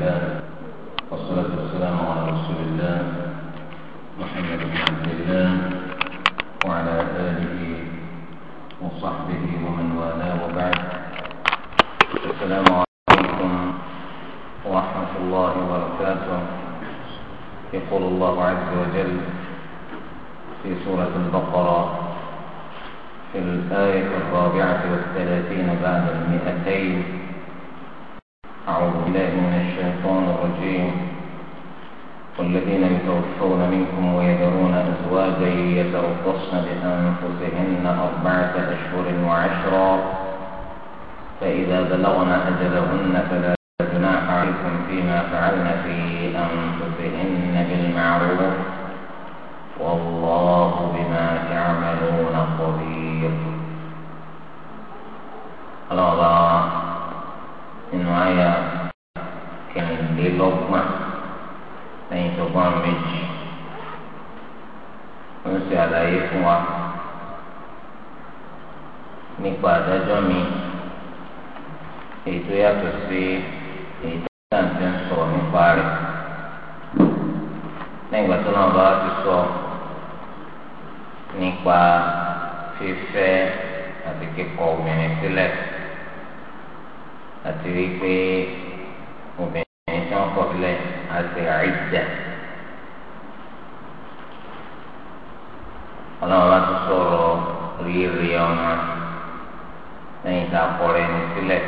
الله والصلاة والسلام على رسول الله محمد بن عبد الله وعلى آله وصحبه ومن والاه وبعد السلام عليكم ورحمة الله وبركاته يقول الله عز وجل في سورة البقرة في الآية الرابعة والثلاثين بعد المئتين أعوذ بالله من الشيطان الرجيم والذين يتوفون منكم ويذرون أزواجا يتربصن بأنفسهن أربعة أشهر وعشرا فإذا بلغن أجلهن فلا جناح عليكم فيما فعلن nípa àdájọ́ mi èyí tó yàtọ̀ sí èyí tó yàtọ̀ sí ń sọ nípa rẹ̀ lẹ́yìn ìgbà tó náà bá ti sọ nípa fífẹ́ àti kíkọ̀ obìnrin sílẹ̀ àti wípé obìnrin tí wọ́n kọ̀ sílẹ̀ àti àìjẹ́. ọlọ́run bá tún sọ̀rọ̀ rírì ọmọ lẹ́yìn tá a kọrọ ẹni sílẹ̀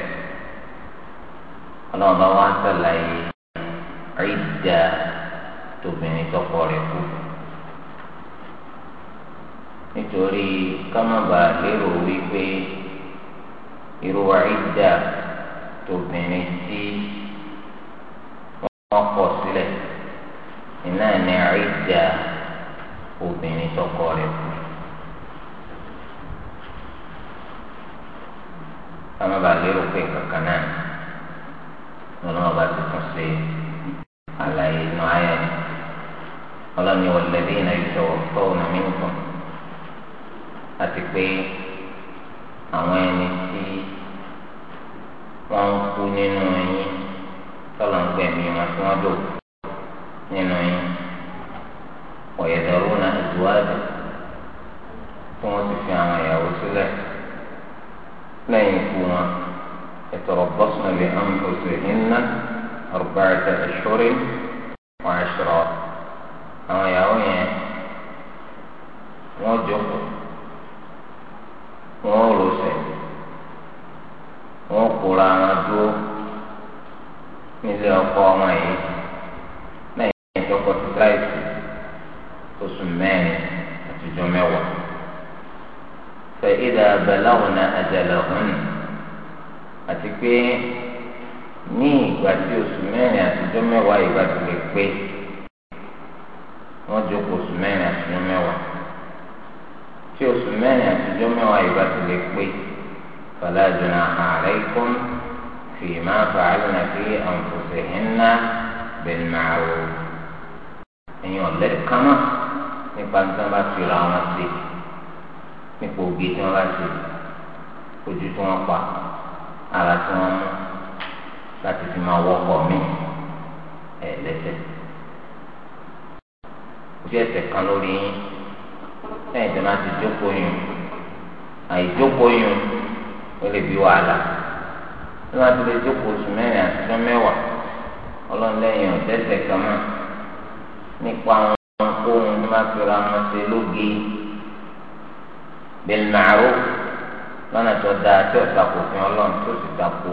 ọlọ́run bá wá ń sàlàyé ìdá tóbìnrin tọkọ rẹ̀ kú nítorí kámábà lérò wípé irú ìdá tóbìnrin tí wọ́n kọ sílẹ̀ iná ní ìdá obìnrin tọkọ rẹ̀ kú. káma bá lérò pé kankan náà lọ́nà bá ti tún ṣe àlàyé inú ayé ni ọlọ́ni ọ̀lẹ́bí iná ìṣòwò fọ́ọ̀nù mìíràn àti pé àwọn ẹni tí wọ́n ń kú nínú ẹyin tọ́lọ̀ ń gbẹ̀mí wọn tí wọ́n dò nínú ẹyin ọ̀yẹ̀dọ̀rún náà ìdúwádìí tí wọ́n ti fi àwọn ìyàwó sílẹ̀. لا ينفونا يتربصن بأنفسهن أربعة أشهر وعشرة آية آية وجه وولوس وقولا مدو مثل قومي لا ينفق تتريس تسماني تجمعوا فإذا بلغنا ajalahun àti pé ní ìgbà tí oṣù mẹ́rin àtijọ́ mẹ́wàá ìgbà tó lè pé wọ́n jókòó oṣù mẹ́rin àtijọ́ mẹ́wàá tí oṣù mẹ́rin àtijọ́ mẹ́wàá ìgbà tó lè pé fala junaha alaykum fima fa'alna fi anfusihinna bil ma'ruf ẹ̀yin ọ̀lẹ́ kánà nípa nípa bá fi ra wọn sí nípa ògì tí wọ́n bá ti ojú tí pa ara tí wọ́n mú láti fi máa wọ́pọ̀ mi ẹ lẹ́sẹ̀. ojú lori kan lórí yín ti jókòó yùn àìjókòó yùn ó lè bí wàhálà tí ti lè jókòó oṣù mẹ́rin àti ọjọ́ mẹ́wàá ọlọ́ọ̀lẹ́yìn ọ̀tẹ́sẹ̀ kan mọ́ nípa àwọn ohun tí lọ́nà tó dáa tí ò takò fún ọlọ́run tó sì takò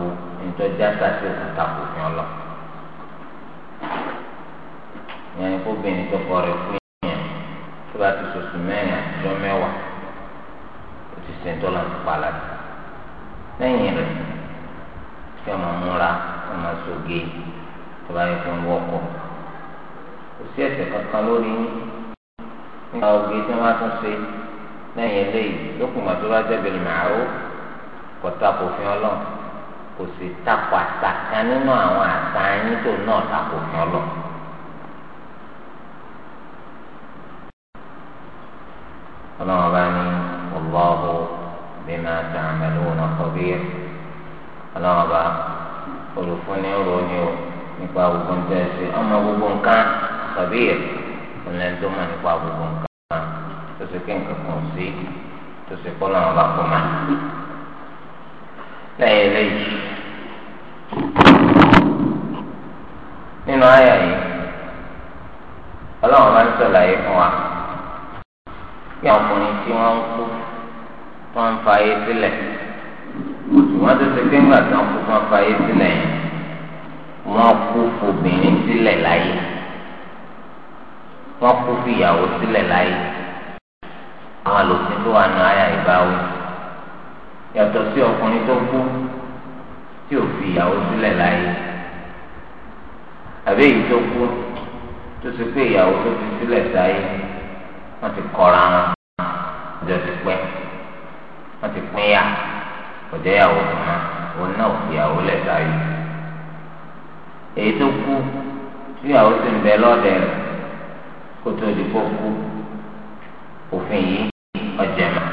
ìtọ́jà sàtì ò takò fún ọlọ́run. ìyẹn kó bìnrin tó kọ rẹ̀ fún yẹn tó bá ti sòsù mẹ́rin àtijọ́ mẹ́wàá ó ti sèǹtọ́ lọ́nà pàlà lẹ́yìn rẹ̀ kí ọmọ múra ọmọ sóge tó bá yẹ kó ń wọ́kọ̀ kò sí ẹ̀ṣẹ̀ kankan lórí nípa oge tí wọ́n bá tún ṣe lẹ́yìn eléyìí lókùn màtó bá jẹ́bi màrú kò tako fi ọlọ́ kò sì tako àṣà kan nínú àwọn àṣà yín tó náà tako fi ọlọ́. ọlọ́run bá ní ọlọ́hu bímọ àtàmẹ́lú ọ̀nàkọ́bí ẹ̀ ọlọ́run bá olùfúnni ròyìn o nípa gbogbo nǹkan ẹ̀sìn ọmọ gbogbo nǹkan kọ̀bí ẹ̀ ọ̀nà tó mọ̀ nípa gbogbo nǹkan tó ṣe pé nǹkan kan ò sí tó ṣe kọ́ náà bá kọ́ máa. lẹ́yìn eléyìí nínú àyà yìí ọlọ́run máa ń ṣàlàyé fún wa bí àwọn ọkùnrin tí wọ́n ń kú wọ́n ń fa ayé sílẹ̀ ṣùgbọ́n tó ṣe pé ńgbà tí wọ́n kú wọ́n fa ayé sílẹ̀ yẹn wọ́n kú obìnrin sílẹ̀ láyé wọ́n kú fìyàwó sílẹ̀ láyé àwọn àlòfin tó wà nù àyà ìbáwí yàtọ̀ sí ọkùnrin tó kú tí ò fi ìyàwó sílẹ̀ láyé àbí èyí tó kú tó ṣe pé ìyàwó tó fi sílẹ̀ sáyé wọ́n ti kọ́ra wọn ọjọ́ ti pẹ́ wọ́n ti pín yà ọjọ́ ìyàwó fún wọn òun náà fi ìyàwó lẹ̀ sáyé èyí tó kú tí ìyàwó ti ń bẹ lọ́dẹ̀ kó tó di kó kú òfin yìí ọjà mọ́.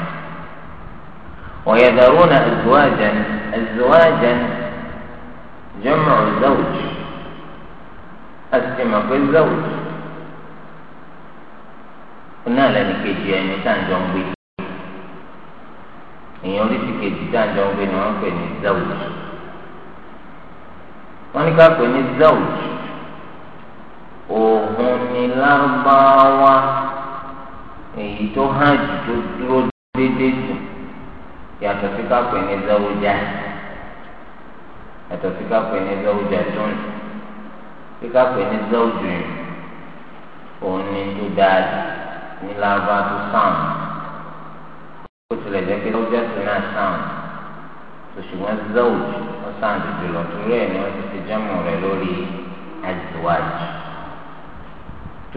ويذرون أزواجا أزواجا جمع زوج أسمى بالزوج náà lẹni kejì ẹni tá à ń jọ ń gbé èèyàn oríṣi kejì tá à ń jọ ń gbé ni wọ́n pè ní zawj wọ́n ní ká pè ní zawj òhun ni lárúbáwá èyí tó hàn jù tó dúró déédéé jù yàtọ̀ sí kápẹ́ ní zọ́wọ́jà yàtọ̀ sí kápẹ́ ní zọ́wọ́jà tó ń sí kápẹ́ ní zọ́wọ́jù yìí òun ni tó dáa ní lábá tó sàn ó tilẹ̀ jẹ́ pé zọ́wọ́jà tó náà sàn òṣùwọ̀n zọ́wọ́jù ó sàn jùlọ torí ẹ̀ ni wọ́n ti ṣe jẹ́mù rẹ̀ lórí àjùwájú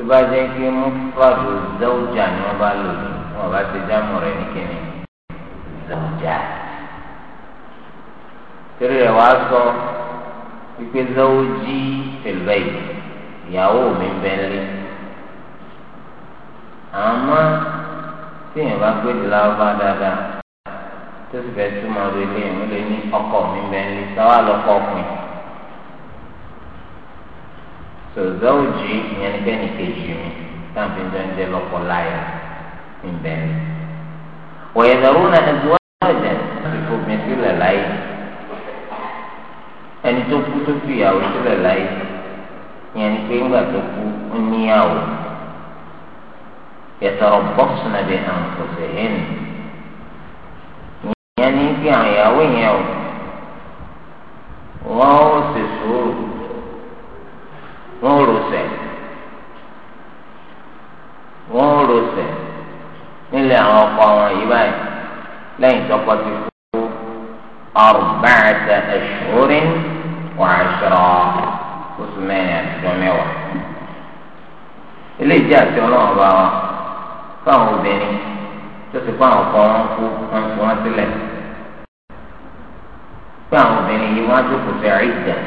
tó bá jẹ́ pé mufradu zawja ni wọ́n bá lò ní wọ́n bá ti jámù rẹ̀ ní kíni zawja. torí rẹ̀ wá sọ wípé zawji fil bayt ìyàwó mi bẹ́ẹ̀ lé àmọ́ tí èèyàn bá gbé di lárúbá dáadáa tó sì fẹ́ túmọ̀ lórí èèyàn lé ní ọkọ mi bẹ́ẹ̀ lé sáwà lọ́kọ̀ ọkùnrin tòzọ́ òjì ìyẹn nìkẹ́ni kejì mi táǹfì jọ ń jẹ lọ́kọ láyà ńbẹ. wọ̀nyẹ̀dọ̀rú náà ẹ̀dù wáyẹ̀dẹ̀ ìfòmí sílẹ̀ láyé ẹni tó kú tó fi ìyàwó sílẹ̀ láyé ìyẹn ni pé ńgbà tó kú ó níyàwó yẹtọrọ bọ́ọ̀sì náà bẹ hàn kò sí hẹ́n ìyẹn ni pé àwọn ìyàwó yẹn o wọ́n ó sì sùúrù wọ́n rò sẹ̀ wọ́n rò sẹ̀ nílé àwọn ọkọ wọn yìí báyìí lẹ́yìn tọkọ ti kú arba'ata ashhurin wa 'ashra oṣù mẹ́rin àti mẹ́wàá eléyìí jẹ́ àti ọlọ́run wa fáwọn obìnrin tó ti kó àwọn ọkọ wọn kú wọn fi wọn sílẹ̀ pé àwọn obìnrin yìí wọ́n á jókòó sí àìjẹ́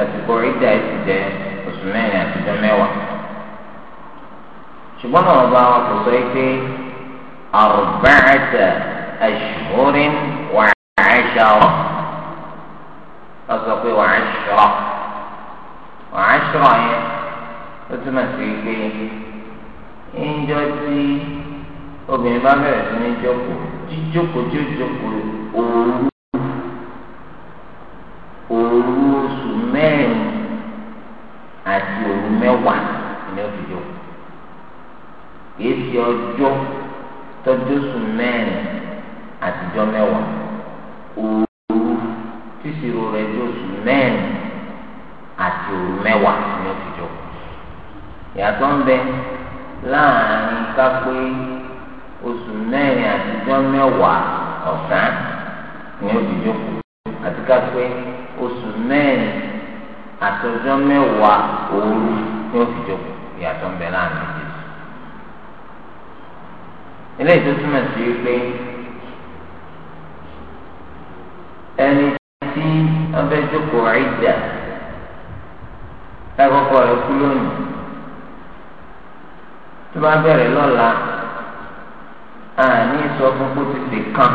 àsìkò ìdá ẹsì jẹ oṣù mẹ́rin àtijọ́ mẹ́wàá ṣùgbọ́n náà bá wọn kò sọ pé arba'ata ashhurin wa 'ashara wọ́n sọ pé wa 'ashra wa 'ashra yẹn ó túmọ̀ sí pé ìjọ tí obìnrin bá bẹ̀rẹ̀ sí ní jókòó jíjókòó tí ó jókòó ooru àti òru mẹ́wàá ni ó fi jókòó kìí ṣe ọjọ́ tọ́jú sùn mẹ́rin àtijọ́ mẹ́wàá òru tíṣirò rẹ̀ jó sùn mẹ́rin àti òru mẹ́wàá ni ó fi jókòó yàtọ̀ ń bẹ láàrin kápé oṣù mẹ́rin àtijọ́ mẹ́wàá ọ̀sán ni ó fi jókòó àti kápé oṣù mẹ́rin àtọjọ́ mẹ́wàá òru ni ó fi jókòó ìyàtọ̀ ń bẹ láàrin jésù. eléyìí tó túmọ̀ sí pé ẹni tí wọ́n fẹ́ jókòó ìjà lákòókò rẹ̀ kú lónìí tó bá bẹ̀rẹ̀ lọ́la àní sọ fún kó ti lè kàn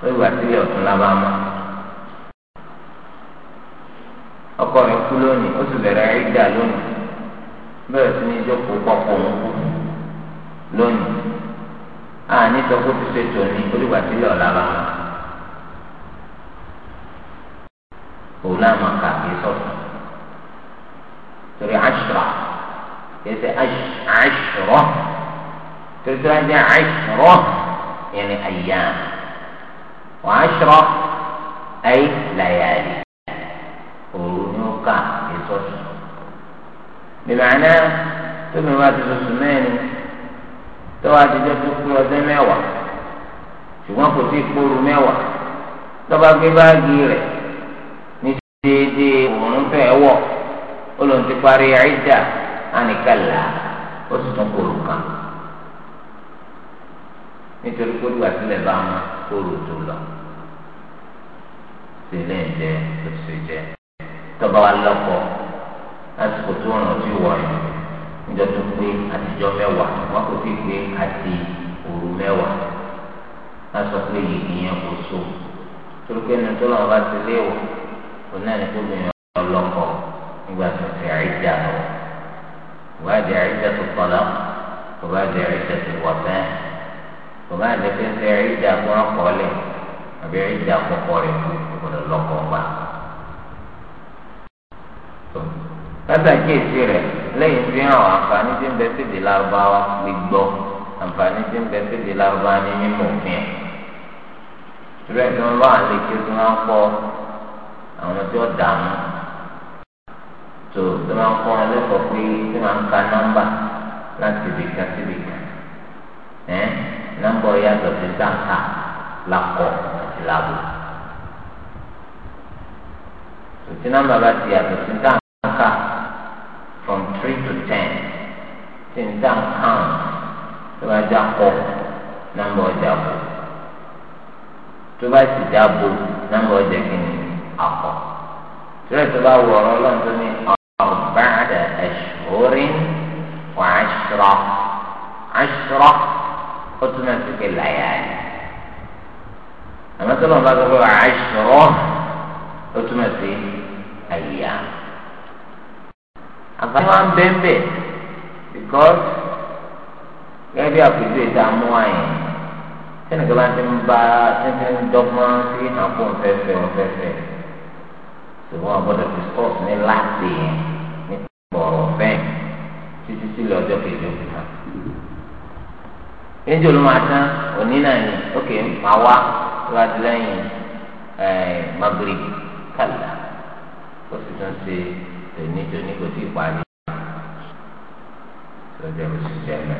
lórí àtìlẹ́ ọ̀tún lábàámọ́. ọkọ mi kú lónìí ó sì bẹ̀rẹ̀ ẹ̀dá lónìí bẹ́ẹ̀ sì ni ìjókòó pọ̀pọ̀ òun kú lónìí àní sọ pé ó ti ṣe tòní olùgbà sílẹ̀ ọ̀la bá wọn. òun náà máa kà kí sọ̀tún torí àṣírà kìí ṣe àṣírọ́ torí tó ń jẹ́ àṣírọ́ yẹn ni àyà wọ́n àṣírọ́ ayé làyàlì ká èso jù bìbàánà tóbi wá ti tuntun mẹ́rin tó wá ti jẹ́ tó kú ọdún mẹ́wàá ṣùgbọ́n kò sí ìkpóru mẹ́wàá tọ́ba gbé báàgì rẹ̀ ní déédéé òun fẹ́ wọ̀ olóhùn ti parí ẹ̀ẹ́dà ànìkàlà ó sì tún kóru kan nítorí pé olùwà sílẹ̀ bá wọn kóru tó lọ sílẹ̀ ń jẹ́ tó jẹ́ tọba wa lọkọ lásìkò tó ràn sí wọ̀nyí níjọ́ tó pé àtijọ́ mẹ́wàá wọn kò sí pé àti òru mẹ́wàá lásọ pé ìyẹn kò so torí pé ẹni tó lọ́wọ́ bá ti léwọ̀ kò náà ní tó gbìyànjú ọlọ́kọ nígbà tó ti àìjà lọ ìwádìí àìjà tó kọlá ìwádìí àìjà tó wà bẹ́ẹ̀ ìwádìí àìjà tó ń ṣe àìjà kó rán kọ́lẹ̀ àbí àìjà kọ́kọ́ rẹ̀ kú ìgbọ̀dọ̀ lọ́kọ̀ọ́ gbà látàkìyèsí rẹ̀ lẹ́yìn fi hàn àǹfààní tí ń bẹ sí ìdílé arúbáwá gbígbọ́ àǹfààní tí ń bẹ sí ìdílé arúbáwá ní mímọ̀ òfin ẹ̀. ìrẹ́ tí wọ́n bá wà lè ké tí wọ́n kọ́ àwọn tí ó dààmú tó tí wọ́n kọ́ wọn lẹ́kọ̀ọ́ pé tí wọ́n ka nọ́mbà láti ibìkan sí ibìkan ẹ̀ nọ́mbà yàtọ̀ sí dáńkà lakọ̀ àti làbò. tòtí nọ́mbà bá ti yàtọ̀ sí dáńkà kà from three to ten tí n dá kàn tó bá já kọ nọ́mbà ọjà bò tó bá sì já bò nọ́mbà ọjà kìíní àkọ tí wọ́n ti bá wọ ọ̀rọ̀ lọ́dún ní ọ̀bàdà ẹ̀ṣọ́rí wà ṣọ́rọ̀ á ṣọ́rọ̀ ó túmọ̀ sí pé làyà ni àmọ́ tó lọ́nà bá gbọ́ wà á ṣọ́rọ̀ ó túmọ̀ sí àyíyá àǹfààní wa ń bẹ́ẹ̀ bẹ́ẹ̀ because gẹ́gẹ́ bí àpèjúwe tá a mú àyè sẹ́ni kí wọ́n ti ń bá títí ń dọ́gbọ́n sí àpò òfẹ́fẹ́ òfẹ́fẹ́ ṣùgbọ́n àgbọ̀dọ̀ discuss ní láti yẹn ní ọ̀rọ̀ fẹ́ẹ̀ títí sílẹ̀ ọjọ́ kejì òkè náà. Ẹnjẹ olúmọ atán òní náà ni ókè máa wá láti lẹ́yìn Magrib kàlá ó sì tún ṣe tèmi tó ní kò tí ì parí lọ́jọ́ oṣù tẹ́lẹ̀.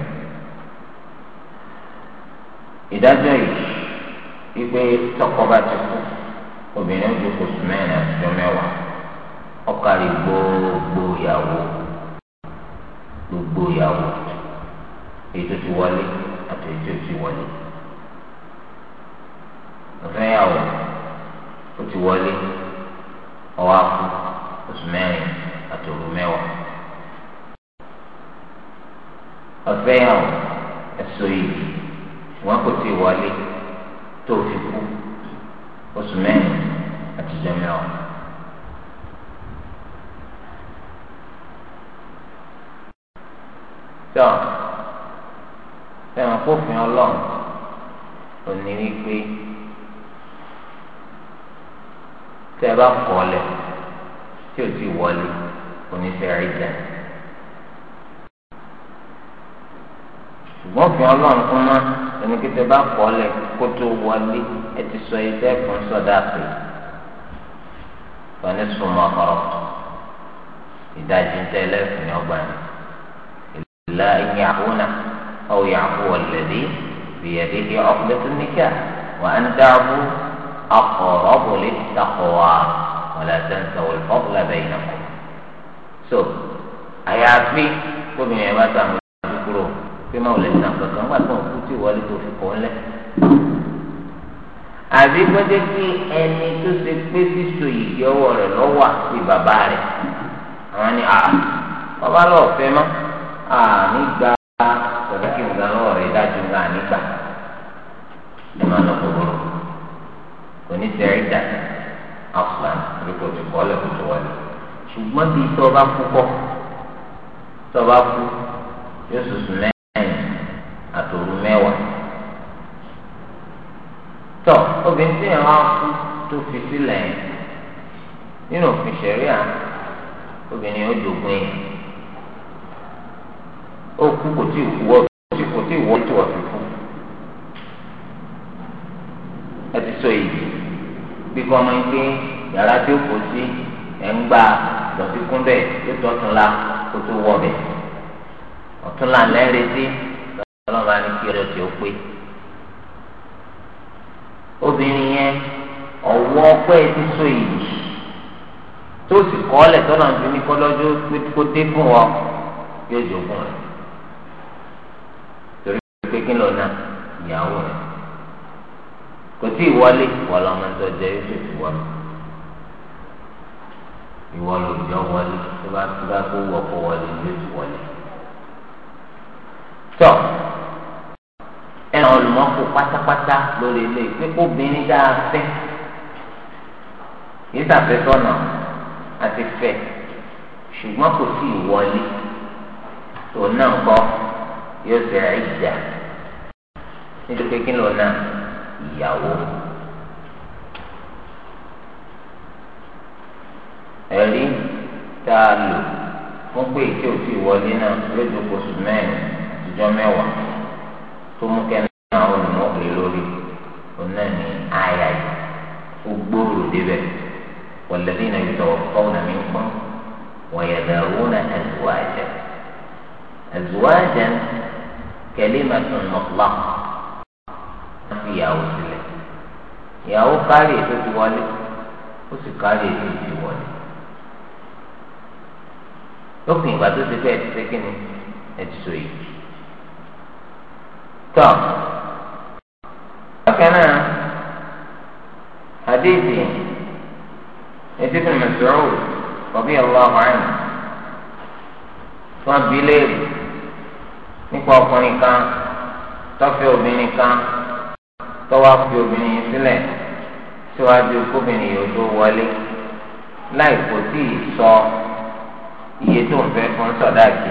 ìdájọ́ yìí wípé tọkọ bá ti kú obìnrin ju oṣù mẹ́rin àti mẹ́wàá ọkàlì gbogbo ìyàwó gbogbo ìyàwó èyí tó ti wọlé àti èyí tó ti wọlé ọ̀fẹ́yàwó ó ti wọlé ọwọ́ àpò oṣù mẹ́rin àtòrò mẹ́wàá ọ̀fẹ́ yàwó ẹ̀sọ́ yìí wọn kò tí ì wọlé tó fi kú oṣù mẹ́rin àtijọ́ mẹ́wàá. tọ́ fẹ́ràn kófin ọlọ́run ò ní wípé tẹ́ ẹ bá kọ́ ọ lẹ̀ tí ò ti wọlé. onífẹ́ àìjà ṣùgbọ́n fi ọlọ́run fún ma ẹni kété bá kọ́ ọ lẹ̀ kó tó wọlé ẹ ti sọ iṣẹ́ fún sọ́dà pé wọn ní súnmọ́ ọ̀rọ̀ ìdajì ń tẹ́ lẹ́sìn ní ọgbà ni ìlà ìyàwónà ọ̀ yàwó ọ̀lẹ́dẹ́ bìyẹ̀dẹ́ ọ̀pẹ́tù níkà wà ń dáàbò akọ̀rọ̀bù lè takọ̀wá wọ́n lè tẹ́ǹtẹ̀ wọ́n fọ́ọ̀lá bẹ́yìn náà. so àyàfi gómìnà yẹn bá ta àwọn ìlú kúrò pé máa wọlé sàn kankan wà tó ń kú tí ìwọlé tó fi kọ́ ńlẹ̀ àbí pẹ́ẹ́tẹ́ kí ẹni tó ṣe pé sísọ ìgbé ọwọ́ rẹ̀ lọ́wọ́ àti bàbá rẹ̀ àwọn ni bàbá lọ́ọ̀ fẹ́ mọ́ nígbà pẹ̀lú kí nǹkan lọ́wọ́ rẹ̀ dájú ńlá nígbà ẹ máa lọ kókóró kò ní sẹ́rí dà áfúlàn lóko tó kọ́ ọ́ lẹ́kọ̀ọ́ tó wọlé ṣùgbọ́n bíi tó bá kú kọ́ tó bá kú yóò sùsù mẹ́rin àtòrú mẹ́wàá tọ́ obìnrin tí yẹn wá kú tó fi sílẹ̀ nínú òfin ṣẹ̀ríà obìnrin yóò jogún yẹn ó kú kò tí ì wọ́ kò tí ì wọ́ tí wọ́n fi ẹ ti sọ èyí bí kò ọmọ yàrá tí ó kù sí ẹ̀ ń gba dọ̀tí kún bẹ́ẹ̀ yóò tọ́ tún la kó tó wọ̀ bẹ́ẹ̀ ọ̀tún là ń lẹ́ retí lọ́wọ́ bá ní kí ọ̀rọ̀ tí ó pé obìnrin yẹn ọ̀wọ́ ọpẹ́ ti so èyí tó sì kọ́ ọ́lẹ̀ tọ́nà ju ní kọ́lọ́jọ́ kó dé fún ọ yóò jogún rẹ̀ torí pé kí lọ náà ìyàwó rẹ̀ kò tí ì wọlé wọlọ́mọdé ọjọ́ yóò ṣètò wọlé ìwọ ló ń jọ wọlé tó bá tó bá kó wọkọ wọlé ló ti wọlé. tọ́ ẹran olùmọ́kù pátápátá lórí ilé pé obìnrin dáa fẹ́ yìí sàfẹ́sọ́nà àti fẹ́ ṣùgbọ́n kò sí ìwọlé tó náà kọ́ yóò ṣe àìjà nítorí pé kí ló náà ìyàwó. ẹ̀rí tá a lò fún pé tí o ti wọlé náà lójú oṣù mẹ́rin ìjọ mẹ́wàá tó mú kẹ́ni náà olùmọ̀ọ́kè lórí ọ̀nà ní àyà yìí ó gbòòrò débẹ̀ wọ̀lẹ́dínà yatawaffawna minkum wa yadharuna azwaja azwaja kalimatun mutlaqa wọ́n fi ìyàwó sílẹ̀ ìyàwó kárí ètò ti wọlé ó sì kárí ètò ti wọlé lópin ìgbà tó ti fẹ́ ti ṣe kíni ẹ ti sọ èyí. tọ́ bákan náà àdéhìí etí fún mẹsàn-án ọ̀bí ọlọ́wọ́ àná wọ́n bi léèrè nípa ọkùnrin kan tọ́fẹ́ obìnrin kan tọ́wọ́ fi obìnrin sílẹ̀ síwájú kóbìnrin yìí tó wọlé láì kò tí ì sọ. So, iye tó ń fẹ́ fún sọ̀dáàkì.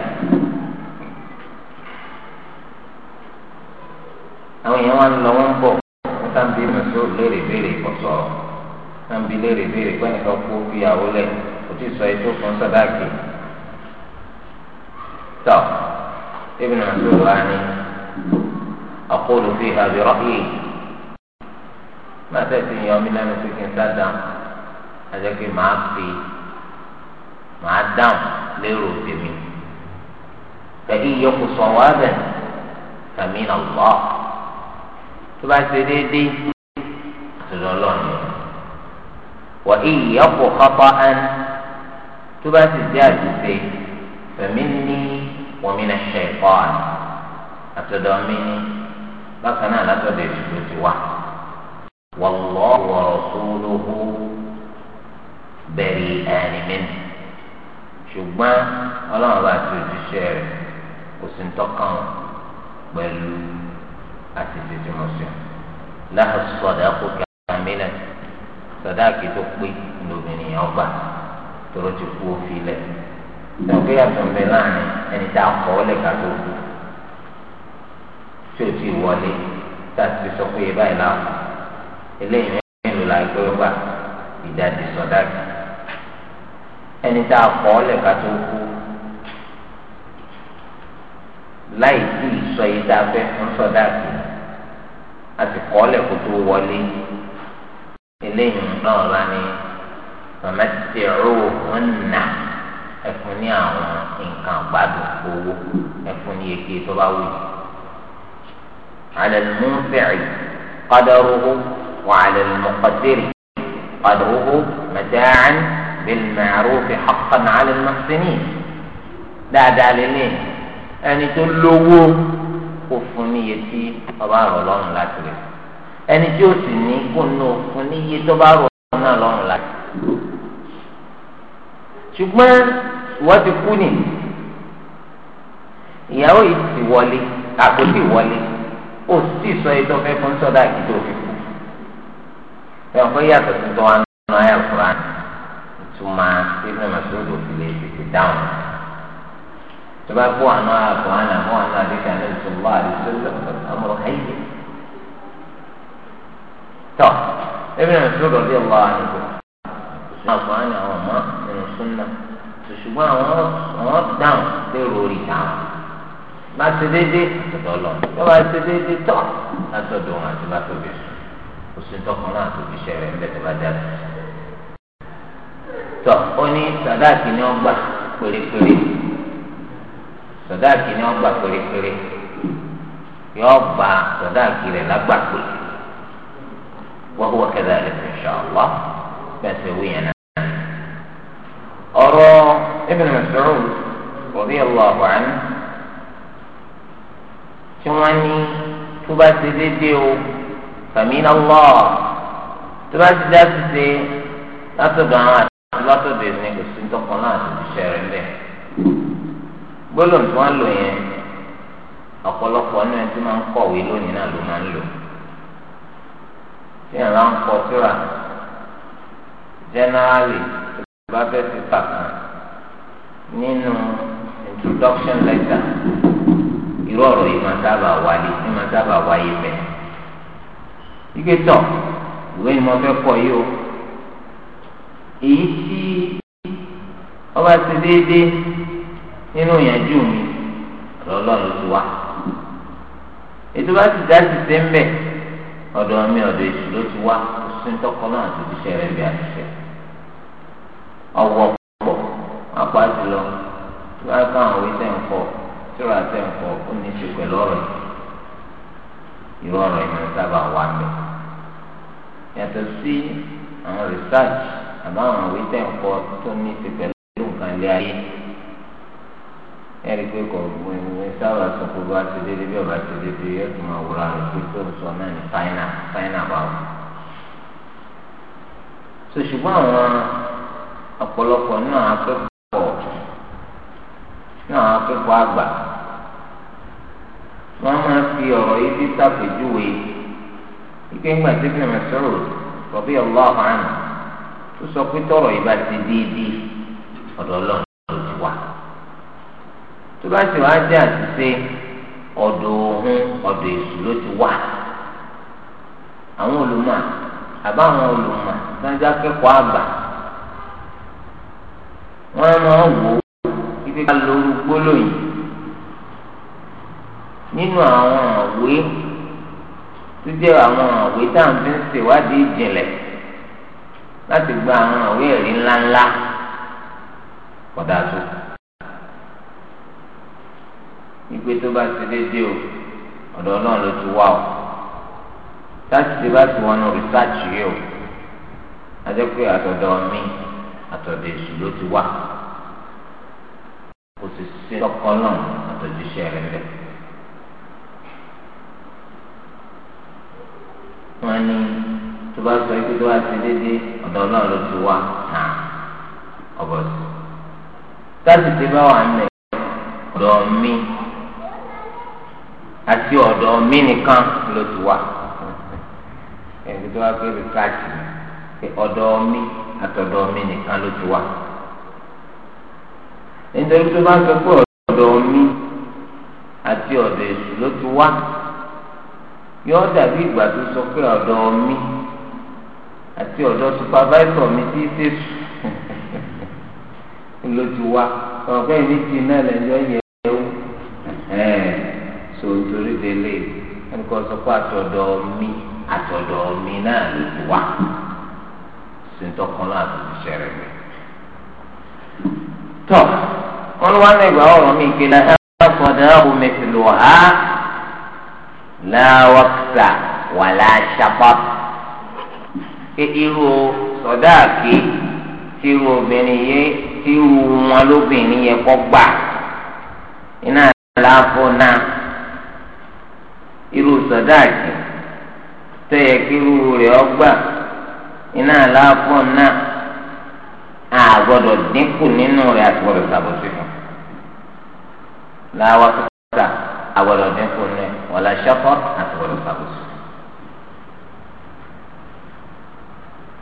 àwọn èèyàn wá ń lọ wọ́n ń bọ̀ wọ́n tá ń bí mọ̀tò léèrè béèrè kò sọ̀rọ̀ tá ń bí léèrè béèrè pé nìkan kú fìyàwó lẹ̀ kò tí ì sọ ètò fún sọ̀dáàkì. tọ́ ibùdó mọ̀tò wá ní àkóòdù fi máa tẹ̀sí yan lẹ́nu pé kí n sá dáhùn àjẹkí màá fi màá dáhùn lérò tèmi tẹ̀lé ìyọkù sọ̀wọ́ abẹ tàmí ọ̀gbọ́ tó bá ṣe déédéé àtúndọ̀ lọ́nà wà ìyọkù kọ́kọ́ án tó bá sì jẹ́ àṣìṣe tẹ̀mí ní wọ́mìnà ṣẹ̀kọ́ án àtúndọ̀ mi bákan náà látọ̀dọ̀ èṣù ti wá wàlúwọ̀ wọ̀rọ̀ tó lóhùn bẹ̀rẹ̀ ẹni mẹ́rin ṣùgbọ́n ọlọ́run bá ti òjíṣẹ́ rẹ̀ kò sí ń tọ́kàn pẹ̀lú àtìsí tí mo sọ. láhùn sọ̀dà kò kàmílẹ̀ sọ̀dà kì í tó pé lóbìnrin yẹn ọgbà tóró ti kú òfin lẹ̀. ìdàgbé yàtọ̀ ń bẹ láàrin ẹni tá a kọ́ ọ́lẹ̀ ká tó kú tí o ti wọlé tá a ti sọ pé báyìí láàmú eléyìí mẹ́rin ló la gbé wá ìdajì sọ̀dà kìí ẹni tá a kọ́ lẹ̀ ká tó kú láì sí ìsọ yìí tá a fẹ́ fún sọ́dá sí a sì kọ́ lẹ̀ kó tó wọlé eléyìí náà lá ní màmá ti ti rú wọn nà ẹfun ní àwọn nǹkan àgbàdo owó ẹfun ní eke tó bá wù yìí alẹ́ mú fẹ̀rẹ̀ kọ́dọ̀rọ̀ wọ́n alẹ́ mú kọ́dẹ̀rẹ̀ kọ́dọ̀rọ̀ mẹ́tẹ́rẹ́. بالمعروف حقا على المحسنين dáadáa lélẹ̀ ẹni tó lówó kó fún níye tí ọba rọ̀ lọ́rùn láti rẹ̀ ẹni tí ó sì ní kó nù fún níye tó bá rọ̀ náà lọ́rùn láti rẹ̀ ṣùgbọ́n ìwọ ti kú nì ìyàwó yìí ti wọlé àpò ti wọlé ó sì sọ ètò ọ̀fẹ́ fún sọ́dà kí tó fi kú ẹ̀ ọ̀fẹ́ yàtọ̀ sí tọ́wọ́ náà ẹ̀ fúra ni ìtumọ̀ ibùdó màsúlù fi lè tètè dáhùn. tó bá kó àná àbọ̀ àná àbọ̀ àná àdéhùn àná ìṣòwò àdéhùn àmọ̀ ẹ̀yẹ. tọ́ ibùdó màsúlù rọ̀bí ọ̀lá àdéhùn àbọ̀ àná àwọn ọmọ nínú súnà ṣùgbọ́n àwọn dáhùn lè rori dáhùn má ṣe déédéé tọ̀tọ̀ lọ tó bá ṣe déédéé tọ̀ látọ̀dọ̀ wọn àti látọ̀bí sùn kò sí tọkùnrin àti òbí ṣẹlẹ̀ ńlẹ̀ tó bá jáde tọ ó ní sàdáàkì ni wọ́n gbà pérépéré sàdáàkì ni wọ́n gbà pérépéré yóò gba sàdáàkì rẹ̀ lágbàpè wọ́n wọ́n kẹ́lẹ́ rẹ̀ insha Allah bẹ́ẹ̀ sẹ́ wíyẹn náà ọ̀rọ̀ Ibn Mas'ud radiyallahu anhu tí wọ́n ní tó bá ti dédé o famin Allah tó bá ti dá ti ṣe látọ̀dọ̀ àwọn sátọ̀dé ni kò sí tọkàn náà ti fi ṣe rẹ̀ lẹ̀. gbólóhùn tí wọ́n lò yẹn ọ̀pọ̀lọpọ̀ nínú ẹni tí máa ń kọ̀wé lónìí náà ló máa ń lò. tí ẹ̀ ń kọ síra jẹ́nẹ́rálì ìgbà fẹ́ nínú introduction letter irú ọ̀rọ̀ yìí máa dábàá wáyé yìí máa dábàá wáyé bẹ́ẹ̀. ike tọ̀ ìwé ni mo fẹ́ kọ yìí o èyí tí ọba ti déédéé nínú ìyànjú mi lọ́lọ́run ti wá ètò bá ti dá ti sé ń bẹ̀ ọ̀dọ̀ mi ọ̀dọ̀ èṣù ló ti wá sí tọkọ náà àti ìṣe rẹ̀ bí àṣìṣe ọwọ́ pọ̀ apá ti lọ tí wọ́n á kọ́ àwọn ìṣe ńkọ́ tí wọ́n á ṣe ńkọ́ ó ní í ṣe pẹ̀lú ọ̀rọ̀ ìrọ̀ ọ̀rọ̀ ìmọ̀ wà mí yàtọ̀ sí àwọn research àmọ́ àwọn àwé tẹ̀ ń kọ tó ní ti pẹ̀lú nǹkan lé ayé ẹ̀rí pé kò gbìyànjú sábà sọ pé bá ti dédé bí ọba ti dédé yẹ kí máa wúra rẹ̀ pé tó ń sọ náà ní fáínà fáínà bá wọn. so ṣùgbọ́n àwọn ọ̀pọ̀lọpọ̀ náà akẹ́kọ̀ọ́ náà akẹ́kọ̀ọ́ àgbà wọ́n máa fi ọ̀rọ̀ yìí bí sàpèjúwe ike ńgbà tí bí sọ̀rọ̀ rọ̀bí ọlọ́ọ̀hán ó sọ pé tọrọ yìí bá ti déédéé ọ̀dọ̀ ọlọ́run ló ti wà tó bá sì wá jẹ́ àṣìṣe ọ̀dọ̀ òun ọ̀dọ̀ èṣù ló ti wà àwọn olùmọ̀ àbáwọn olùmọ̀ sájà kẹ́kọ̀ọ́ àgbà wọ́n máa wò ó ibi ká lóru gbólóyìn nínú àwọn àwé tó jẹ́ àwọn àwé tá à ń fi ń ṣèwádìí ìjìnlẹ̀ láti gba àwọn àwé ẹ̀rí ńláńlá kọ̀dà tó. ìgbé tó bá ti dédé o ọ̀dọ̀ náà ló ti wá o láti ti bá ti wọnú rìsáàcì yìí o ajẹ́ pé àtọ̀dọ̀ mi àtọ̀dọ̀ èṣù ló ti wá kò sì sí ọkọ náà àtọ̀jíṣẹ́ rẹ̀ lẹ̀. wọ́n á ní tó bá sọ ikú tó wá sí dédé ọ̀dọ̀ náà ló ti wá náà ọ̀bọ̀ sí. táàtì tí bá wà nílẹ̀ ọ̀dọ̀ mi àti ọ̀dọ̀ mi nìkan ló ti wá. ẹ̀rí tó wá pé rìsáàtì pé ọ̀dọ̀ mi àtọ̀dọ̀ mi nìkan ló ti wá. nítorí tó bá sọ pé ọ̀dọ̀ mi àti ọ̀dọ̀ èṣù ló ti wá yóò dàbí ìgbà tó sọ pé ọ̀dọ̀ mi àti ọ̀dọ̀ supervisor mi tí ṣe sùn ló ti wá ọ̀pẹ́ mi ti náà lẹ́jọ́ yẹ ẹ̀wù so nítorí délé ẹnìkan sọ pé àtọ̀dọ̀ mi àtọ̀dọ̀ mi náà ló ti wá sèǹtọ́kànlá àti ìṣẹ̀rẹ̀ mi. tọ́ wọ́n wá lẹ́gbàá ọ̀rọ̀ mi kí lẹ́hìn àkọ́dá omi tìlù ha láwọ́kìtà wàlá ṣàpápá pé irú sọdáàkì tí irú obìnrin yẹ tí irú wọn lóbìnrin yẹ kọ́ gbà iná láàfọ̀ náà irú sọdáàkì tó yẹ kí irú rẹ̀ ọ gbà iná láàfọ̀ náà àgbọ̀dọ̀ dínkù nínú rẹ̀ àti gbọ́dọ̀ sàbòsí fún láwa sọ́kà àgbọ̀dọ̀ dínkù nínú rẹ̀ wọ́n la ṣọ́kọ́ àti gbọ́dọ̀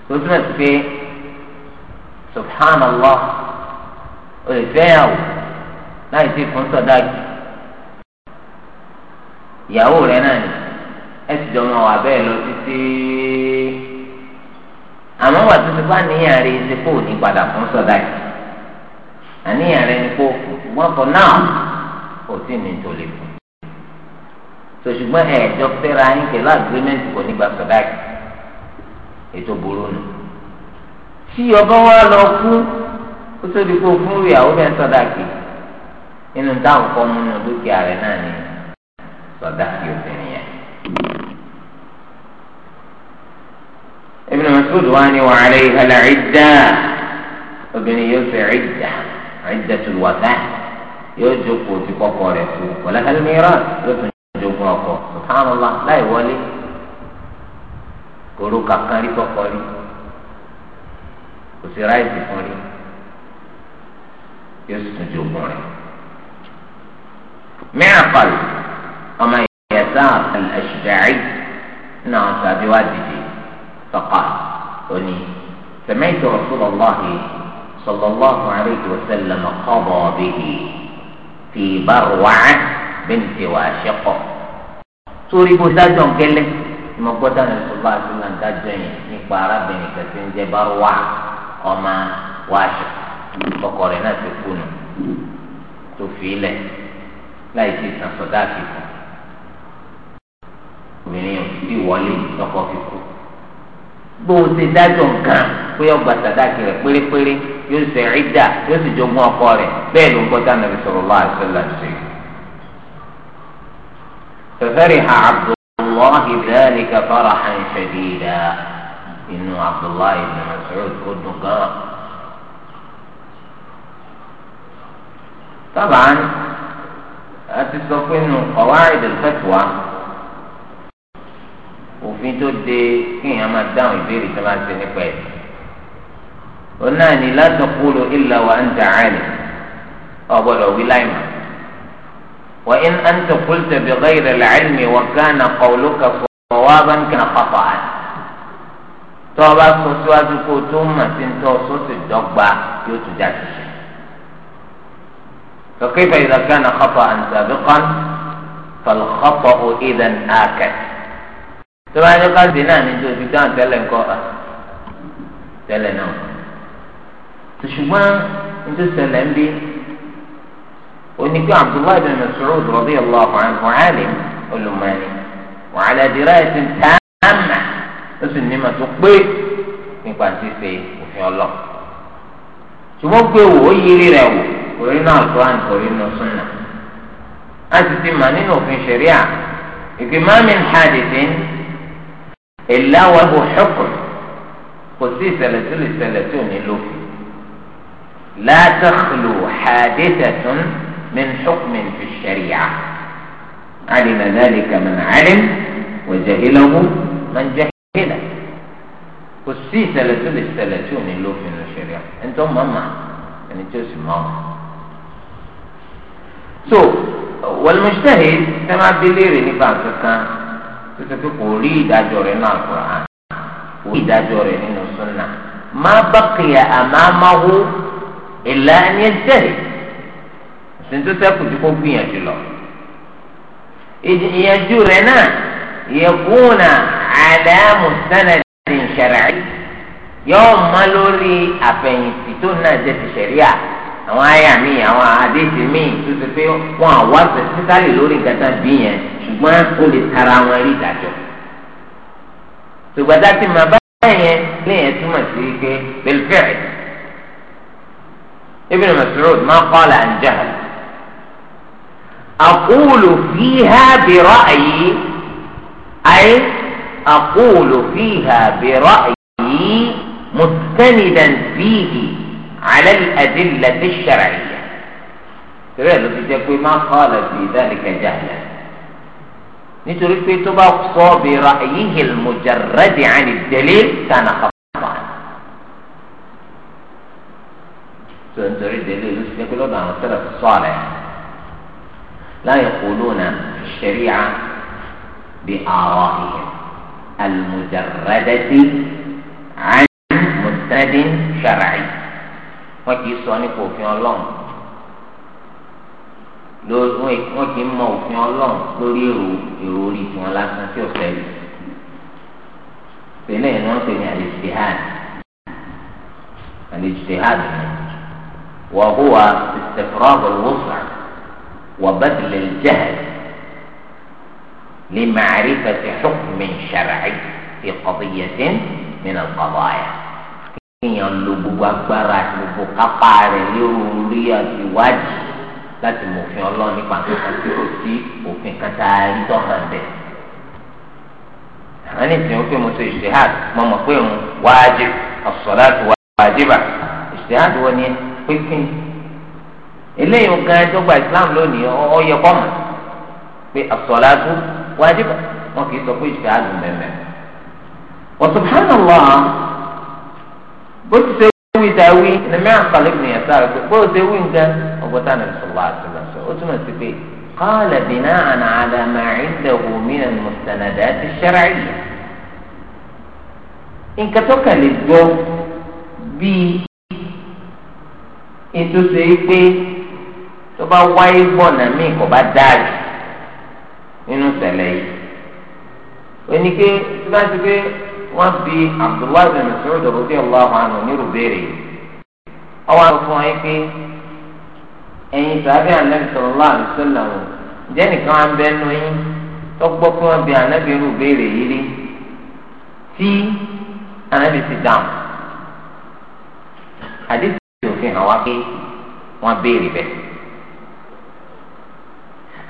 tuntun ẹ̀ pé subhanallah o lè fẹ́yàwó láì sí fún sọ̀dáàkì ìyàwó rẹ̀ náà ni ẹ sì jọ mọ àbẹ́ lọ títí àmọ́ wà tó ti bá níyàn rẹ̀ ṣe kó o ní padà fún sọ̀dáàkì àníyàn rẹ̀ ni kó wọn fọ náà kò sí ní tó fún. sòṣùgbọ́n ẹ̀ẹ́dọ́gbẹ́ra yín pẹ̀lú àgbẹ̀mẹ̀tì kò ní gbà sọ̀dáàkì ètò burú nù tí ọba wa lọ kú ó tó di kó fún ìyàwó bẹ́ẹ̀ sọ̀dá kì nínú táwọn kọ́ mú nù dúkìá rẹ̀ náà ní sọ̀dá kì obìnrin yẹn. Ibn Mas'ud wa ni wa 'alayha al-'idda obìnrin yóò fẹ́ 'idda 'iddatul wafa' yóò jókòó ti kọ́kọ́ rẹ̀ fún kòró kankan rí tọkọ rí kò sí ráìsì fún rí yóò sì tún jogun rẹ̀. mẹ́àkàl ọmọ ìyàtọ̀ àṣìdáì náà tàbí wá dìde tọ́ka òní سمعت رسول الله صلى الله عليه وسلم قضى به في بروعة بنت واشقة سوري بوساجون كله tí mo gbọ́ dáná ìṣòro àti náà dájọ́ yẹn nípa arábìnrin kẹsì ń jẹ́ bárúwà ọmọ wáṣọ ọkọ rẹ̀ náà ti kú nù tó fi ilẹ̀ láì sí ìsànsọ́dá àfihàn obìnrin yẹn ti wọlé lọ́kọ fi kú bó o ti dájọ́ nǹkan pé ọgbà sàdáàkì rẹ̀ pérépéré yóò ṣe ìdá yóò sì jogún ọkọ rẹ̀ bẹ́ẹ̀ ló ń gbọ́ dáná ìṣòro àti náà ṣe. الله ذلك فرحا شديدا إنه عبد الله بن مسعود كنت قال طبعا أتستقل من قواعد الفتوى òfin tó de kéèyàn máa dáhùn ìbéèrè tó máa ṣe nípa ẹ̀ ó náà ní látọ̀kúlò ìlà wa ń dà á ní ọ̀gbọ́dọ̀ wí láì mọ̀. وإن أنت قلت بغير العلم وكان قولك صوابا كان خطأ توبا سوسوازك ثم سنتوسوس الدقبة يتجاسس فكيف إذا كان خطأ سابقا فالخطأ إذا آكل ثم قال زنا من جوز كان تلم كوبا تلم نوم تشبه انت تسلم oníkú abdullahi bin masoud radiyallahu anhu alim olùmọ̀ọ́ni wa ala dirayatin tamma ó sì ní ma tó pé nípa ṣíṣe òfin ọlọ́ ṣùgbọ́n pé wò ó yiri rẹ̀ wò orí náà Al-Qur'an orí náà súnà á sì ti mà nínú òfin ṣẹ̀ríà ìgbé ma min hadithin illa wa hu hukm kò sí ìṣẹ̀lẹ̀ tó lè ṣẹlẹ̀ tó ní lófin la takhlu hadathatun. من حكم في الشريعة علم ذلك من علم وجهله من جهله قصي ثلاثون الثلاثون اللو في الشريعة انتم مما يعني جوز مما سو والمجتهد كما بلير نفاق كان تتكون ريدا جورينا القرآن ريدا جورينا السنة ما بقي أمامه إلا أن يجتهد tuntun sẹ́kù tí kò gbìyànjú lọ. ìyànjú rẹ̀ náà yẹ̀kúnà àdàmù sánàdì ṣẹ̀rẹ̀ yóò má lórí àfẹ̀yìntì tó náà jẹ́ ti ṣẹ̀ríà àwọn àyà mi àwọn àdéhìí mi tó ti pé wọn àwa sẹ́sítálì lórí gàdá bí yẹn ṣùgbọ́n ó lè tara wọn rí ìdájọ́. ṣùgbọ́n dá máa bá yẹn léyìn túmọ̀ sí pé pẹ̀lú fẹ́rẹ̀. Ibn Mas'ud ma qala an jahl. أقول فيها برأيي أي أقول فيها برأيي مستندا فيه على الأدلة الشرعية ترى تقول ما قال في ذلك جهلا نتري في تبقى برأيه المجرد عن الدليل كان خطأ تريد الدليل لو سيكون لنا سلف لا يقولون الشريعة بآرائهم المجردة عن مستند شرعي wọ́n kì í sọ nípa òfin ọlọ́run lórí wọ́n kì í mọ òfin ọlọ́run lórí èrò èrò orí tiwọn lásán tí ò fẹ́ rí pẹ̀lẹ́ ni wọ́n pè ní alìsíhàd alìsíhàd wọ́n hùwà ìsèfúrọ́bù lùwọ́sàn. وبذل الجهل لمعرفة حكم شرعي في قضية من القضايا kéèyàn lo gbogbo agbára àti gbogbo kápá rẹ̀ lérò orí àti ìwádìí láti mọ òfin Ọlọ́run nípa nǹkan tí kò sí òfin kan tá a rí tọ́kàn bẹ̀. àwọn ènìyàn ń pè mo so ìṣèhàd mo mọ̀ pé òun wájib as-salatu wájibà ìṣèhàd wọ́n ní pínpín eléyìí kan ẹjọ gba islam lónìí ọyẹ kọ́mọ pé as-salatu wajiba wọn kì í sọ pé ìṣe àlù mẹ́mẹ́. wọn sọ fún wa subhanallah bó ti ṣe wí dáwí ní mẹ́rin kàlẹ́ ní ẹ̀sà rẹ̀ pé bó ṣe wí nǹkan ọgọ́ta ní sallallahu alaihi wasallam ó túmọ̀ sí pé qala bina'an ala ma 'indahu min al ti ṣẹ́ra yìí tó kàn kà gbọ́ bíi ètò ṣe é pé. tó bá wáyé gbọ̀nà míì kò bá dáàbì nínú ìṣẹ̀lẹ̀ yìí òní ké tó bá ti pé wọ́n fi Abdullahi bin Mas'ud radiyallahu anhu nírú béèrè yìí ọwọ́ àwọn fún wọn pé ẹ̀yin sàbẹ̀ Ànábì sallallahu alaihi wasallam jẹ́ nìkan á ń bẹ́ẹ̀ nù yín tó gbọ́ pé wọ́n bi Ànábì irú yìí rí tí Ànábì ti dáhùn àdéhùn òfin hàn pé wọ́n béèrè bẹ́ẹ̀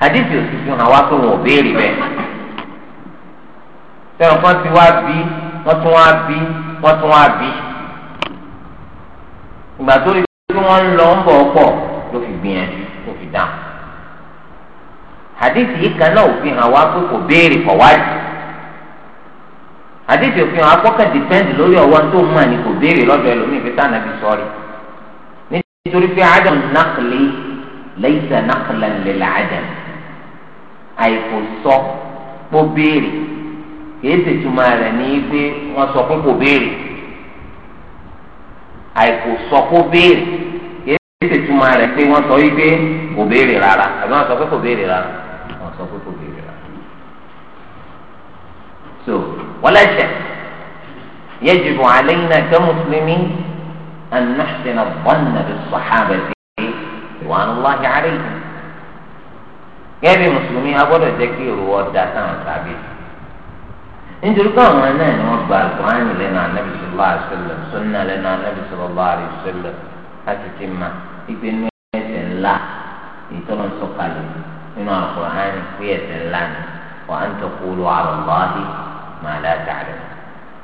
àdìsí ò sì fi hàn wá pé wọn ò béèrè bẹ́ẹ̀ sẹ́wọ̀n kan ti wá bí wọ́n tún wá bí wọ́n tún wá bí ìgbà tó rí bí wọ́n ń lọ ń bọ̀ pọ̀ ló fi gbìyànjú ló fi dáhùn àdìsí yìí kan náà ò fi hàn wá pé kò béèrè kọ̀ wájú àdìsí òfin hàn akọ́kẹ́ dìpẹ́ǹdì lórí ọwọ́ tó mọ̀ ní kò béèrè lọ́dọ̀ ẹlòmíì fi tànà fi sọ́ọ̀rì nítorí pé adam nàkìlì lẹ́yìn tẹ̀ nàkìlẹ̀ lẹ́lẹ̀ adam. àìkò sọ kó béèrè kìí ṣètùmọ̀ rẹ̀ ní pé wọ́n sọ fun kò béèrè àìkò sọ kó béèrè kìí ṣètùmọ̀ rẹ̀ pé wọ́n sọ wípé kò béèrè rárá àbí wọ́n sọ fun kò béèrè rárá wọ́n sọ fun kò béèrè rárá. so bọ́ǹnà bí ولا شك يجب علينا كمسلمين أن نحسن الظن بالصحابة رضوان rẹ̀ yìí. gẹ́gẹ́ bí mùsùlùmí a gbọ́dọ̀ jẹ́ kí èrò ọ̀dà táwọn tàbí. nítorí pé àwọn náà ni wọ́n gba àlùkùránì lẹ́nu anábì sọlá àṣẹlẹ̀ sọ́nà lẹ́nu anábì sọlá àṣẹlẹ̀ láti ti ma ipe inú ẹsẹ̀ ńlá ìtọ́nà sọ̀kalẹ̀ nínú àlùkùránì pé ẹsẹ̀ ńlá ni wọ́n á ń tọ́kúrò àlùbáàdì máa dá tààrẹ̀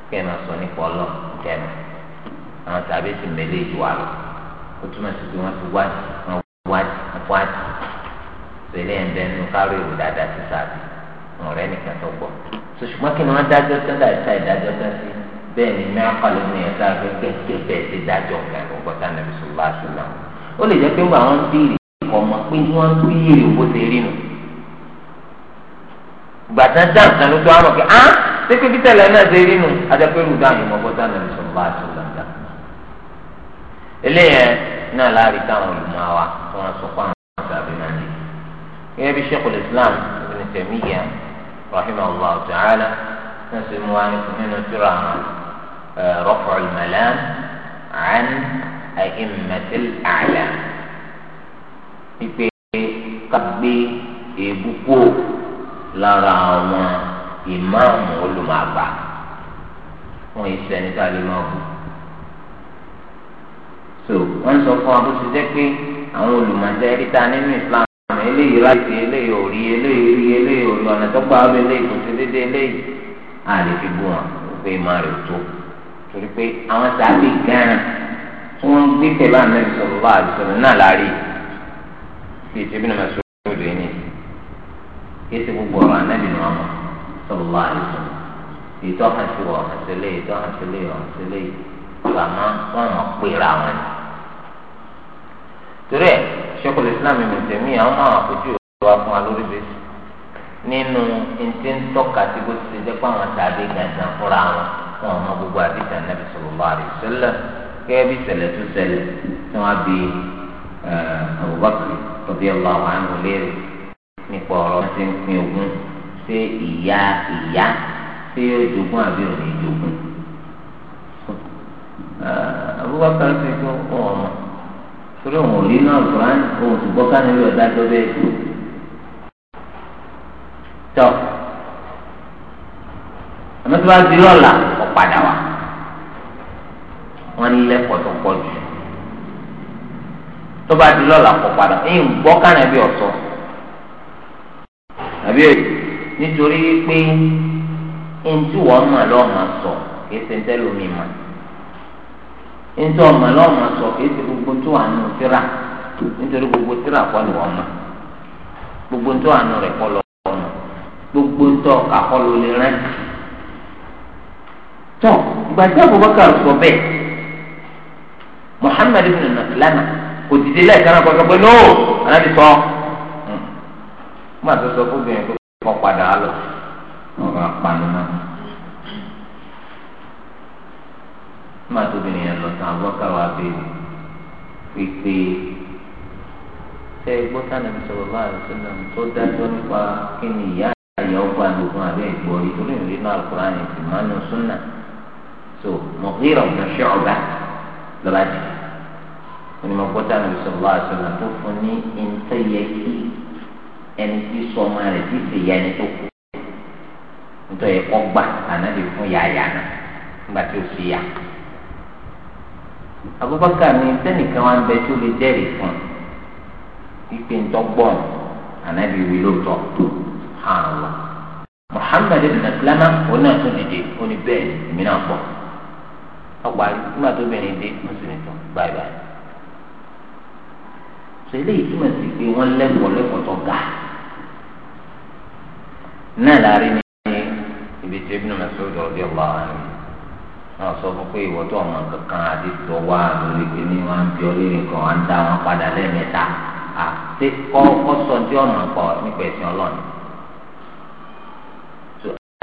kẹ́ ẹ̀ máa sọ nípa ọlọ́ kẹ́mi àwọn pèlè ẹ̀ bẹ́ẹ̀ nù kárò ìwò dáadáa ti sàbí ọ̀rẹ́ nìkan tó gbọ́ so ṣùgbọ́n kí ni wọ́n dájọ́ tán láì ta ìdájọ́ tán sí bẹ́ẹ̀ ni mẹ́rin kọ́lé ní ẹ̀ tá a fi gẹ́gẹ́ bẹ́ẹ̀ ti dájọ́ kan ọgbọ́tà nàbí sọlá sọlá ó lè jẹ́ pé wọ́n àwọn béèrè ọmọ pé wọ́n tó yèrè owó ṣe rí nù gbàtà dáǹkan ló tó àwọn á pépé bí tẹ̀lé náà gẹ́gẹ́ bí Sheikhul Islam Ibn Taymiyyah rahimahullah ta'ala náà sì mú wa nínú tírà Raf'ul Malam an a'immatil a'lam pípé ká gbé èébú kó lára àwọn ìmáàmù olùmọ̀gbà wọn ìsẹ̀ni tá a lè máa bù so wọn sọ fún wa jẹ́ pé àwọn olùmọ̀jẹ́ rí nínú Islam àmì eléyìí láìsí eléyìí ò rí eléyìí rí eléyìí ò rí ọ̀nà tó gbà wọ́n eléyìí kò sí dédé eléyìí à lè fi bú wọn pé máa rè tó torí pé àwọn sábì gan-an tí wọ́n ń gbé pẹ̀lú àmì sọ̀rọ̀ bá àdìsọ̀rọ̀ náà láàrí bíi tẹ́bí náà sọ lóde ní kí ẹsẹ̀ gbogbo ọ̀rọ̀ ànábì ni wọ́n mọ̀ sọ̀rọ̀ bá àdìsọ̀rọ̀ ètò ọ̀hún sí wọ̀ ọ̀hún sílé ètò ọ̀hún sílé ọ̀hún sílé ìgbà máa wọ́n mọ̀ pé ra wọn torí ẹ̀ Sheikhul Islam Ibn Taymiyyah àwọn máa àpèjú ìwà fún wa lórí bẹ́sì nínú ntí ń tọ́ka tí kò ti jẹ́ pé àwọn tàbí gàdán fúnra wọn fún ọmọ gbogbo àdìsá nàbì sallallahu alaihi wasallam gẹ́gẹ́ bí ṣẹlẹ̀ tó ṣẹlẹ̀ tí wọ́n bí eh, Abubakar radiyallahu anhu léèrè nípa ọ̀rọ̀ tí ń pin ogún ṣé ìyá ìyá ṣé yóò jogún àbí òní jogún. Eh, Abubakar ti tún fún ọmọ torí òun ò rí náà Quran òun sì gbọ́ kánú yóò dájọ́ bẹ́ẹ̀ tó. tọ́ àmọ́ tí wọ́n ti rí ọ̀la ọ̀padà wa wọ́n lẹ́kọ̀ọ́ tó pọ̀ jù tó bá di lọ́la kọ̀ padà ẹ̀yìn gbọ́ kánàbí ọ̀sọ́ àbí èyí nítorí pé ohun tí wọ́n mọ̀ lọ́ọ́ máa sọ kì í ṣe ń tẹ́lómi mọ̀ ntọ́ ọmọ lọ́mọ sọ kìí ṣe gbogbo tó wà nù tíra nítorí gbogbo tíra kọ́ ni wọ́n mọ̀ gbogbo tó wà nù rẹ̀ kọ́ lọ mọ̀ gbogbo ntọ́ kakọ́ ló lè rẹ́ tọ́ ìgbà Abubakar sọ bẹ́ẹ̀ Muhammad ibn Maslama kò dìde lẹ́ẹ̀kan kọ́ sọ pé no alábi sọ gbàtọ́ hmm. sọ fún bìnrin pé kọ́ padà á lọ ọ̀rọ̀ apanimọ́. má tóbìnrin yẹn lọ sàn àbúrọ̀ká wa béèrè pípé ṣe gbọ́ sànà mi sọ̀rọ̀ bá àrùn sínú mi tó dájọ́ nípa kí ni ìyá ìyá ọgbà lóògùn àbẹ́ ìgbọ́ rí torí mi nínú àlùkòrán yẹn sì máa ń nu súnà so Mughira ọ̀gbìn ṣọ́ọ̀bà lọ́la jù onímọ̀ gbọ́ sànà mi sọ̀rọ̀ bá àrùn sínú tó fún ní ìntẹ́yẹ kí ẹni tí sọmọ rẹ̀ ti ṣe ìyá ẹni tó kú nítorí ẹ̀kọ́ gbà ànábì fún yàyà náà nígbà tí ó fi yà. Abubakar ní sẹ́nìkan wá ń bẹ tó lè jẹ́rìí fún ìpè ńtọ́gbọ́n ànábì wí lóòótọ́ àlọ́ Muhammad ibn Aslama òun náà tún dìde ó ní bẹ́ẹ̀ èmi náà pọ̀ ọgbà nígbà tó bẹ̀rẹ̀ dé mùsùlùmí tó báyìí báyìí sọ eléyìí túmọ̀ sí pé wọ́n lẹ́kọ̀ọ́ lẹ́kọ̀ọ́ tó ga náà láàrin ní ibi tí Ibn Mas'ud radiyallahu anhu wọn sọ fún pé ìwọ tó ọmọ kankan àti tó wá lórí pé ní wọn bí ọlẹ́rìí kan wọn dá wọn padà lẹ́ẹ̀mẹ́ta àti kọ́ sọ tí ọmọ pọ̀ nípa ẹ̀sìn ọlọ́run.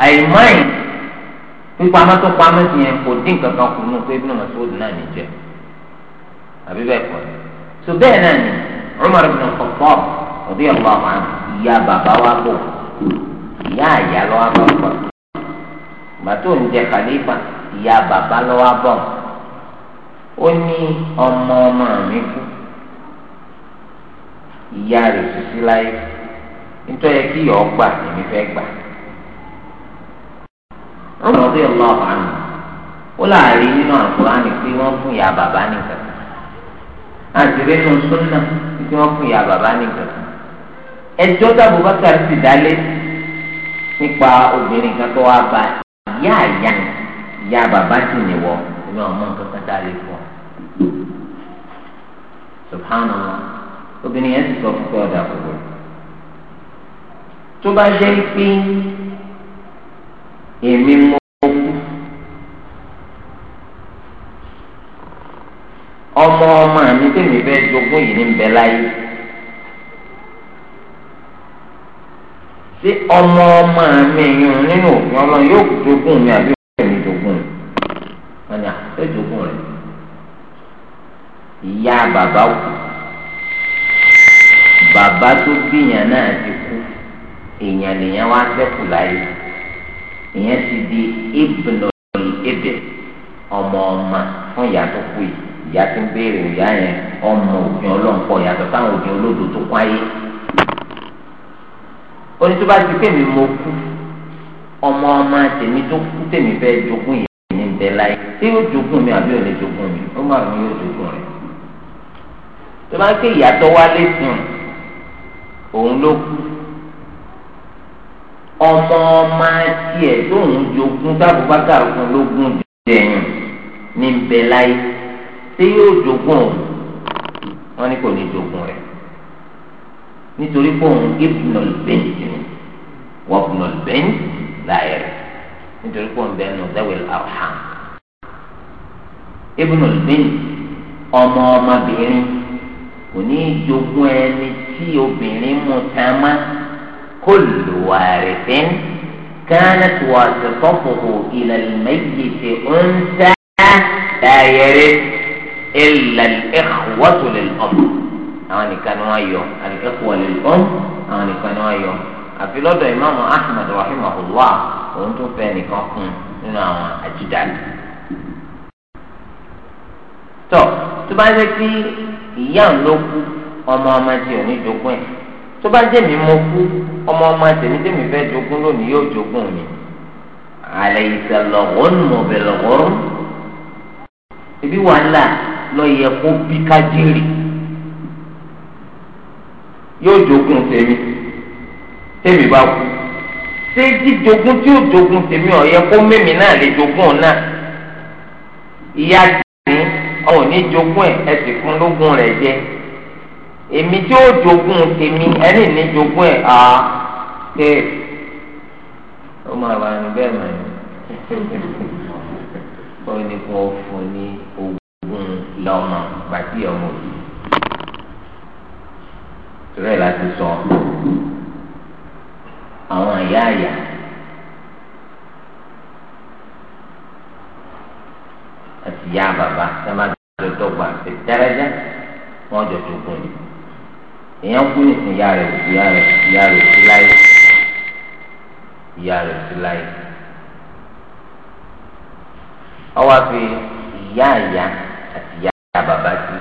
àìmọ́ì pípamọ́ tó pamọ́ sí yẹn kò dín kankan kù nù pé ibùdó mọ̀síwòdì náà ní àbí bẹ́ẹ̀ kọ́ so bẹ́ẹ̀ náà ni Umar ibn al-Khattab radiyallahu anhu ìyá bàbá wa bò ìyá àyà lọ́wọ́ bàbá gbàtó ń ìyá bàbá lọ́wọ́ bọ̀ ó ní ọmọ ọmọ mi kú ìyá rẹ̀ sísí láyé nítorí kí ìyá ọgbà èmi fẹ́ gbà. wọ́n lọ bí ọlọ́ọ̀ àná ó láàrin nínú àkùránì pé wọ́n fún ìyá bàbá nìkan àti rínú súnà pé wọ́n fún ìyá bàbá nìkan. ẹjọ́ tábùbákà sì dálé nípa obìnrin kan tó wá bá ìyá àyà nìkan ìyá bàbá sì ní wọ ìmọ̀ ọmọ nǹkan kan tá a lè fọ. subhana obìnrin yẹn ti sọ fún pé ọ̀dà kòkòrò tó bá jẹ́ pé èmi mú kú ọmọ ọmọ mi tèmi fẹ́ jogún yìí ní bẹ láyé. sí ọmọ ọmọ mi yun nínú òfin ọlọ́run yóò dógún mi àbí ẹni jogún rẹ̀ wọ́n ní àfẹ́ jogún rẹ̀ ìyá bàbá kú bàbá tó bíyàn náà ti kú èèyàn lèèyàn wá sẹ́kù láyé ìyẹn ti di ibùdókòlì ebè ọmọ ọmọ fún ìyá tó kú yìí ìyá ti ń béèrè ìyá yẹn ọmọ òfin ọlọ́ǹpọ̀ yàtọ̀ táwọn òfin olódo tó kú ayé oníṣẹ́ ti pè mí mo kú ọmọ ọmọ tèmi tó kú tèmi fẹ́ jogún yìí ní bẹ́ẹ̀ láyé tí yóò jogún mi àbí òní jogún mi ó máa ní yóò jogún rẹ̀ tó bá ké ìyàtọ̀ wálé sùn òun ló kú ọmọ ọmọ tiẹ̀ tó ń jogún tábùbákà fún lógún dẹ̀yìn ní bẹ́ẹ̀ láyé tí yóò jogún òun wọn ní kò ní jogún rẹ̀ nítorí pé òun ibùnà lùbẹ́ǹtì wọ́n bùnà lùbẹ́ǹtì. láyé rẹ̀ nítorí pé òun bẹ́ẹ̀ nù zawil arham ibnul bint ọmọ ọmọbìnrin kò ní í jogún ẹni tí obìnrin mú tamá kullu warithin kanat wasitatuhu ila al-mayyiti unsa la yarith illa al-ikhwatu lil-um àwọn nìkan ni wọ́n yọ al-ikhwa lil-um àwọn nìkan ni wọ́n yọ. àfi lọ́dọ̀ ìmáàmù ahmed rahimahullah òun tó fẹ́ nìkan kún nínú àwọn àjídàlẹ̀. tọ́ tó bá jẹ́ kí ìyá ń ló kú ọmọ ọmọ tí ò ní jogún ẹ̀ tó bá jẹ́ mi mo kú ọmọ ọmọ tèmi tèmi fẹ́ jogún lónìí yóò jogún mi. àlẹ́ ìsẹ̀lọ̀gọ́n mọ̀bẹ̀lọ̀gọ́rùn. ibi wàhálà lọ yẹ kó bí kájírì yóò jogún tèmi tèmi bá kú ṣé jíjogún tí ó jogún tèmi ọ̀yẹ kó mẹ́mi náà lè jogún ọ̀nà ìyá jìnnì ọ̀hún ní jogún ẹ̀ ẹ sì fún lógún rẹ̀ jẹ èmi tí ó jogún tèmi ẹni ní jogún ẹ̀ á ké ó máa wà ní bẹ́ẹ̀ mọ̀ ẹ́ ó ní kó o fún ní ogún lọ́mọ gbàtí ọmọ òbí rẹ̀ láti sọ ọ́ àwọn àyà àyà. àti ya bàbá sábà jọ dọ́gba àti dẹ́rẹ́dẹ́ wọ́n jọ jogún ni. èèyàn kú nìsín ya, rẹ̀ òsì ya, rẹ̀ òsì ìyá rẹ̀ òsì láyé ya rẹ̀ òsì láyé. ọwọ́ àfi ìyá àyà àti ìyá bàbá sí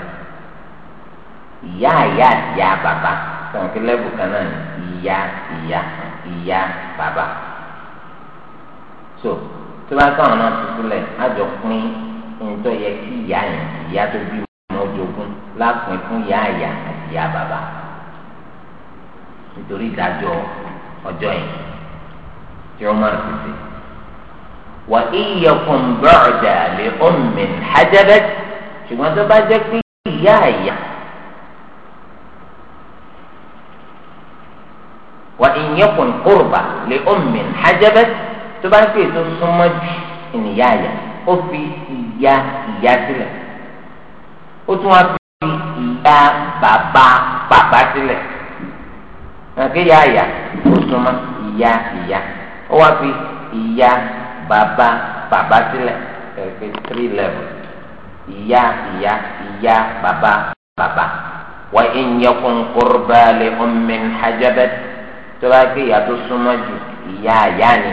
ìyá àyà àti ìyá bàbá sọ̀rọ̀ kí lẹ́bù kan náà ìyá ìyá ìyá bàbá so tó bá káwọn náà tuntun lẹ àjọ pín nǹtọ́ yẹ kí ìyá yẹn ìyá tó bí wọn jogún lápin fún ìyá àyà àti ìyá bàbá nítorí ìdájọ́ ọjọ́ yẹn tí wọ́n máa tètè. wà íyẹkùn bọ́ọ̀dà lè ọ̀mìn hajjabẹ́t ṣùgbọ́n tó bá jẹ́ pé ìyá àyà. wà ìyẹ́kùn kúrùbà lè ọ̀mìn hajẹ́bẹ́ tó bá ń pè tó súnmọ́ jù ìníyá àyà ó fi ìyá ìyá sílẹ̀ ó tún wá fi ìyá bàbá bàbá sílẹ̀ nàkéyà àyà ó súnmọ́ ìyá ìyá ó wá fi ìyá bàbá bàbá sílẹ̀ ẹ̀fẹ̀ three level ìyá ìyá ìyá bàbá bàbá wà ìyẹ́kùn kúrùbà lè ọ̀mìn hajẹ́bẹ́ tó bá gbé ìyá tó súnmọ́ jù ìyá àyá ni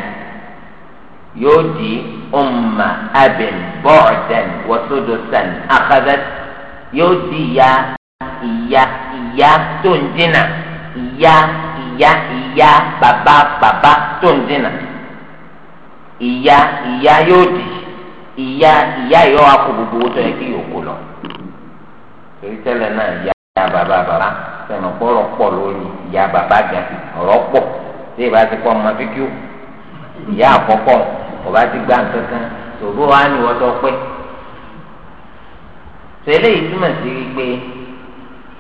yóò di umma abin bọ́ọ̀dẹ̀n wọ́sódòsàn akadẹ́t yóò di ìyá ìyá ìyá tó ń dínà ìyá ìyá ìyá bàbá bàbá tó ń dínà ìyá ìyá yóò di ìyá ìyá yóò wá kó gbogbo owó tó yẹ kí yòókù lọ torí tẹ́lẹ̀ náà ìyá Ya bàbá bàbá sẹ́nu kọ́rọ̀ pọ̀ lórí Ya bàbá gan ọ̀rọ̀ pọ̀ tí ìbá ti pọ̀ ọmọ fíkú ìyá àkọ́kọ́ ọba ti gbá nǹkan tòbó wa ni wọ́n tọ́ pẹ́. tẹ́lẹ̀ yìí túmọ̀ sí pé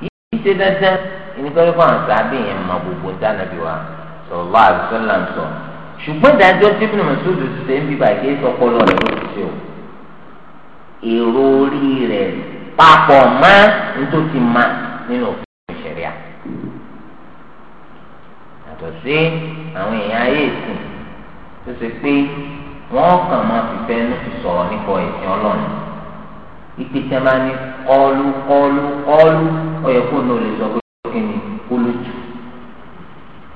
yìí ṣe dandan ìníkọ́lẹ́ fún àwọn sábẹ́ yẹn mọ gbogbo dánàbí wa sọ̀rọ̀ àdúsọ́là ń sọ ṣùgbọ́n ìdájọ́ tí Ibn Mas'ud ti ṣe ń bí bàjẹ́ sọpọlọ rẹ̀ ló ti ṣe o èrò orí rẹ̀ papọ̀ mọ́ nítòsí máa nínú òfin ìṣẹ̀ríà yàtọ̀ sí àwọn èèyàn ayé ìsìn tó ṣe pé wọ́n kàn máa fi fẹ́nu fi sọ̀rọ̀ nípa ìsìn ọlọ́run ìpè tí a máa ní kọlu kọlu kọlu ọyọ kó ní o lè sọ pé kí ni kólú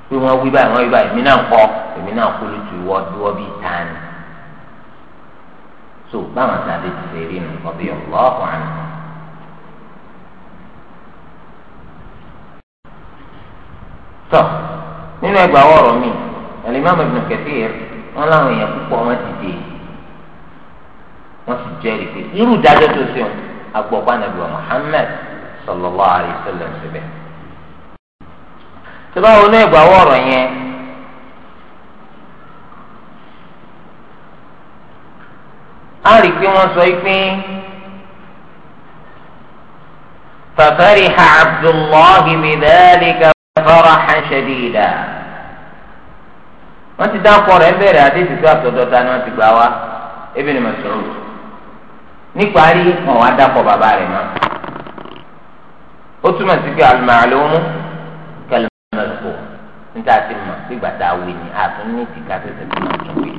tù pé wọ́n wí báyìí wọ́n wí báyìí èmi náà ń kọ́ èmi náà kólú tù ìwọ́ dúró bíi tani so báwọn sábẹ́ ti ṣe rí nu ọbẹ̀ ọ̀pọ̀ àná. tọ nínú ẹgbàá ọ̀rọ̀ mi Al-Imam Ibn Kathir wọn láwọn èèyàn púpọ̀ wọn ti dé wọn sì jẹ́rìí pé irú dájọ́ tó ṣe wọn agbọ̀gbá nàbí wa Muhammad sallallahu alayhi wa sallam síbẹ̀. tí báwo ní ẹgbàá ọ̀rọ̀ yẹn a rí pé wọ́n sọ pé fàfẹ́rì ha Abdullahi bidhalika farahan shadida wọ́n ti dákọ̀ rẹ̀ bẹ̀rẹ̀ àdéhùn sí àtọ̀dọ̀ta ni wọ́n ti gbà wá Ibn Mas'ud níparí wọn wá dákọ̀ bàbá rẹ̀ mọ́ ó túmọ̀ sí pé al-ma'lumu kal-madhkur níta ti mọ̀ nígbà tá a wí ni àtún ní tìka tẹ̀sẹ̀ tó máa tún wí.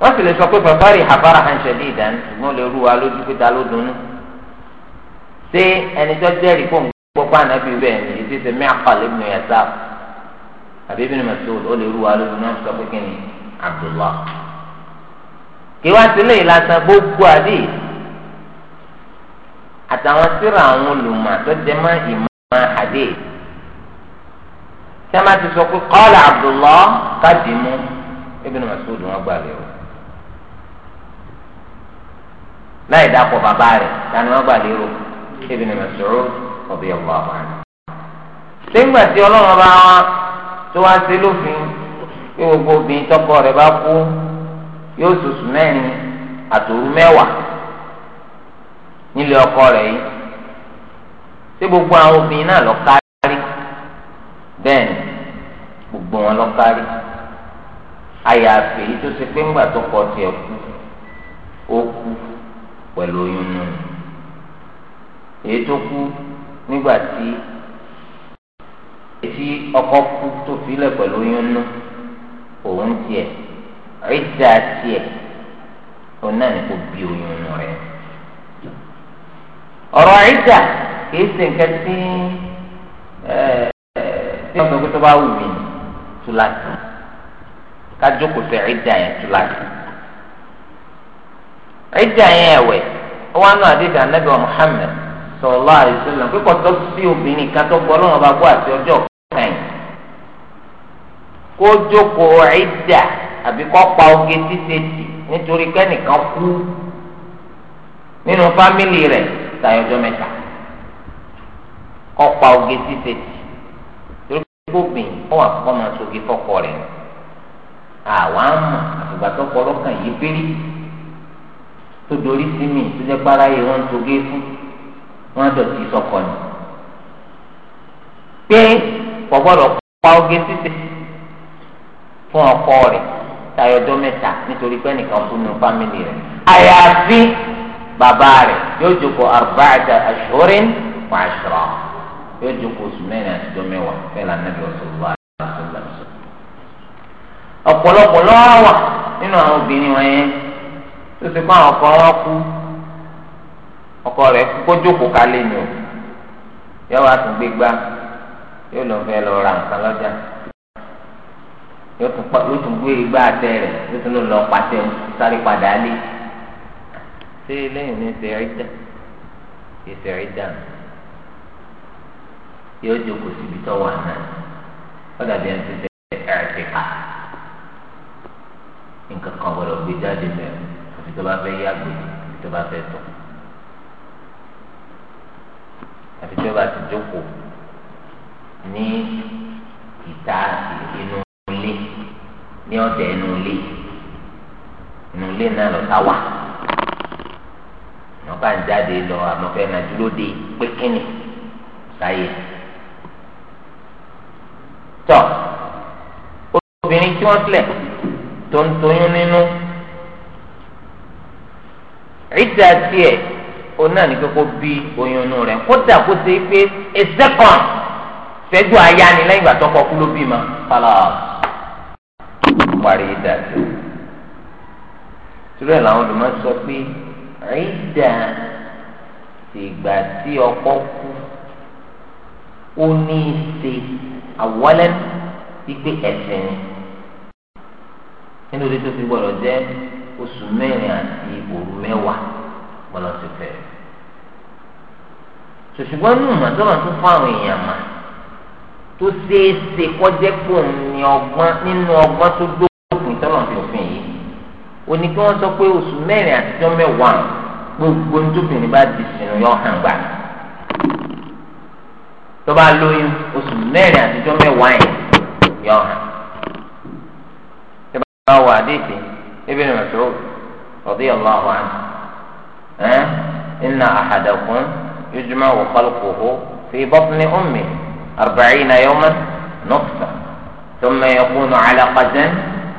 wọ́n sì lè sọ pé fariha farahan shadidan ṣùgbọ́n lè rú wa lójú pé ta ló dunnú ṣé ẹni tó jẹ́rìí fún gbogbo ànábì bẹ́ẹ̀ ni ètí ṣe Mi'qal ibn Yasar àbí ibn Mas'ud ó lè rú wa lójú náà sọ pé kí ni Abdullah kí wá sílé ìlàsàn gbogbo àdé àtàwọn síra àwọn olùmọ̀ tó jẹ mọ́ ìmọ̀ àdé sẹ́mà ti sọ pé qala Abdullah kádìmú ibn Mas'ud wọn gbà lérò láì dápọ̀ bàbá rẹ̀ tani wọn gbà lérò ibn Mas'ud radiyallahu anhu. lẹ́gbà tí ọlọ́run bá wọn tó wá sí lófin pé gbogbo obìnrin tọkọ rẹ̀ bá kú yóò sùsù mẹ́rin àtòrú mẹ́wàá nílé ọkọ rẹ̀ yìí tí gbogbo àwọn obìnrin náà lọ kárí bẹ́ẹ̀ ni gbogbo wọn lọ kárí àyàfi èyí tó ṣe pé ńgbà tó kọ tiẹ̀ kú ó kú pẹ̀lú oyún náà. èyí tó kú nígbà tí ọkọ kú tó filẹ̀ pẹ̀lú oyún òun tiẹ̀ ìdá tiẹ̀ òun náà ní kò bí oyún rẹ ọrọ ọ̀rọ̀ kìí ṣe nǹkan tí tí wọ́n tó bá wù mí túláàsì kájókòó sí ìdá yẹn túláàsì ìdá yẹn sọlá àdìsọlá pípọ̀ tó sí obìnrin kan tó gbọ́ lọ́wọ́ bá gbọ́ àti ọjọ́ kàn kó jókòó ẹ̀dà àbí kó pa oge títẹ̀tì nítorí kẹ́nìkan kú nínú fámìlì rẹ̀ tayọ ọjọ́ mẹ́ta kó pa oge títẹ̀tì torí gbóbìn ó wà kó máa soge fọ́kọ rẹ̀ àwa ń mọ̀ àtùgbà tó kọ́ lọ́kàn yìí péré tó dorí sí mi tó jẹ́ pàráyé wọn ń soge fún wọ́n dọ̀tí sọkọ ni pé kò gbọ́dọ̀ pa oge títí fún ọkọ rẹ̀ tayọ ọjọ́ mẹ́ta nítorí pé nìkan kú nínú fámìlì rẹ̀ àyàfi bàbá rẹ̀ yóò jókòó arba'ata ashhurin wa ashra yóò jókòó oṣù mẹ́rin àti ọjọ́ mẹ́wàá fẹ́ẹ́ lànà bí ọ̀sán ọ̀pọ̀lọpọ̀ lọ́wọ́ wà nínú àwọn obìnrin wọn tó ti kọ́ àwọn ọkọ wọn kú ọkọ rẹ kó jókòó kálé ni o yóò wá tún gbé gbá yóò lọ fẹ́ lọ ra nǹkan lọ́jà yóò tún gbé igbá àtẹ rẹ yóò tún lọ pàtẹ sáré padà lé ṣé lẹ́yìn ní ṣe ẹ̀dá ṣe ṣe ẹ̀dá yóò jókòó síbi tó wà náà ó dàbí ẹni tó ṣe ẹ̀ẹ́dẹ̀ ká nǹkan kan gbọdọ̀ gbé jáde mẹ́rin àfi tó bá fẹ́ yàgbé tó bá fẹ́ tọ̀ àfi tí ó bá ti jókòó ní ìta inú ilé ní ọ̀dẹ̀ inú ilé inú ilé náà lọ́ta wà wọn bá ń jáde lọ àmọ́ fẹ́ na dúró de pékínì láyé tọ́ obìnrin tí wọ́n tilẹ̀ tó ń toyún nínú ìdá tiẹ̀ òun náà ní kókó bí oyún inú rẹ̀ kódà kó ṣe é pé a second fẹjọ aya ni lẹ́yìn ìgbà tọkọ kú ló bí ma kálá parí ìdájọ́ tìrẹ làwọn olùmọ̀ sọ pé àìdá ìgbà tí ọkọ kú ó ní í ṣe àwọlẹ gbígbé ẹsẹ̀ ni nínú orí tó fi gbọ́dọ̀ jẹ oṣù mẹ́rin àti òru mẹ́wàá bọ́lá ti fẹ́. ṣùṣùgbọ́n nù mà tó máa tún fún àwọn èèyàn mà tó ṣeé ṣe kọjá pò ní ọgbọ́n nínú ọgbọ́n tó dókòkùn tọ́lọ̀ fi òfin yìí ó ní kí wọ́n sọ pé oṣù mẹ́rin àtijọ́ mẹ́wàá gbogbo nítòbìnrin bá di sínú yọ hàn gbà tó bá lóyún oṣù mẹ́rin àtijọ́ mẹ́wàá yẹn yọ hàn tó bá wà á dé ìdè Ibn Mas'ud radiyallahu anhu. أه؟ إن أحدكم يجمع خلقه في بطن أمه أربعين يوما نطفة ثم يكون علقة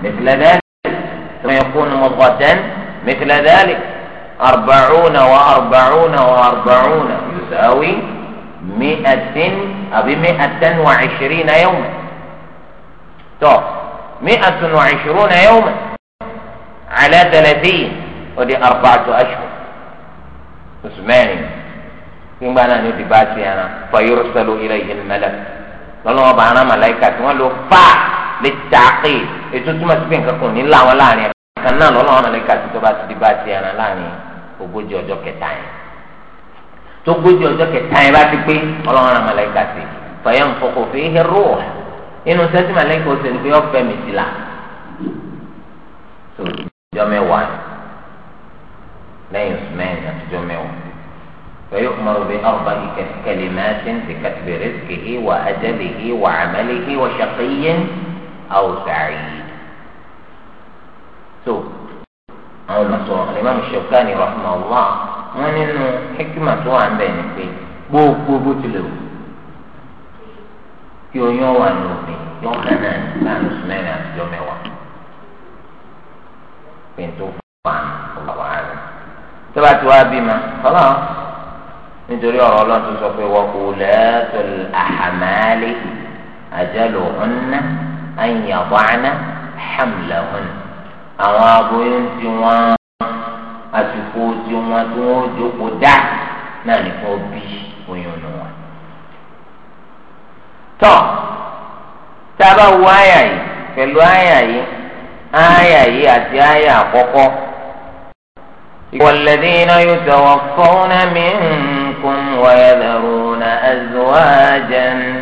مثل ذلك ثم يكون مضغة مثل ذلك أربعون وأربعون وأربعون يساوي مئة بمئة وعشرين يوما طب مئة وعشرون يوما على ثلاثين ودي أربعة أشهر oṣù mẹ́rin nígbà náà ni ó ti bá ti ẹran fọyọrọ sọlọ ilẹ yìí mẹlẹ lọlọmọ bá ara màláìka tí wọn lò fà lè dàkì ètò túmọ̀ sí pé nǹkan kan ní làwọn láàrin ẹ̀ kan náà lọlọmọ màláìka tí tó bá ti di bá ti ẹran láàrin ogójì ọjọ́ kẹta yẹn tó ogójì ọjọ́ kẹta yẹn bá ti pé ọlọ́run ara màláìka sí fọyọ́ nfọkọ fi hẹ́ rò wá inú sẹ́tì màláìka ó ti là لا يثمان تجمعه فيؤمر بأربع كلمات بكتب رزقه وأجله وعمله وشقي أو سعيد سوء أو المسوح الإمام الشوكاني رحمه الله من إنه حكمة عن بين في بو بو يو يو وانو في يو خنان كان اسمين عن جمعوان توفى فان الله وعلم tó bá ti wá bímọ ọlọ́run nítorí ọ̀rọ̀ ọlọ́run tó sọ pé wọ́n kò lẹ́ẹ̀tọ́ àhàmálẹ́ àjálù ọ̀nà àyìnbọ̀nà hàmlẹ̀hùn àwọn aboyún tí wọ́n àsìkò tí wọ́n tí wọ́n jókòó dá náà nìkan bí oyún nù wọn. tọ́ tá a bá wo àyà yìí pẹ̀lú àyà yìí àyà yìí àti àyà àkọ́kọ́. والذين يتوفون منكم ويذرون أزواجا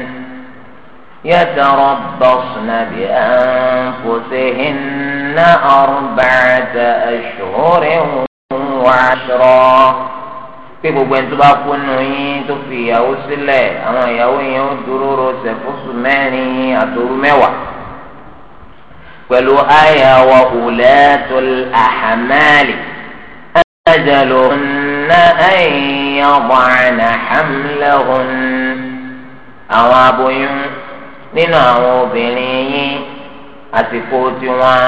يتربصن بأنفسهن أربعة أشهر وعشرا في بوبين تباقوا النوين تفي يوسل أما يوين يدرور سفص ماني أطول موى ولو آية وأولاة الأحمالي أجلهن أن يضعن حملهن àwọn aboyún nínú àwọn obìnrin yín àsìkò tiwọn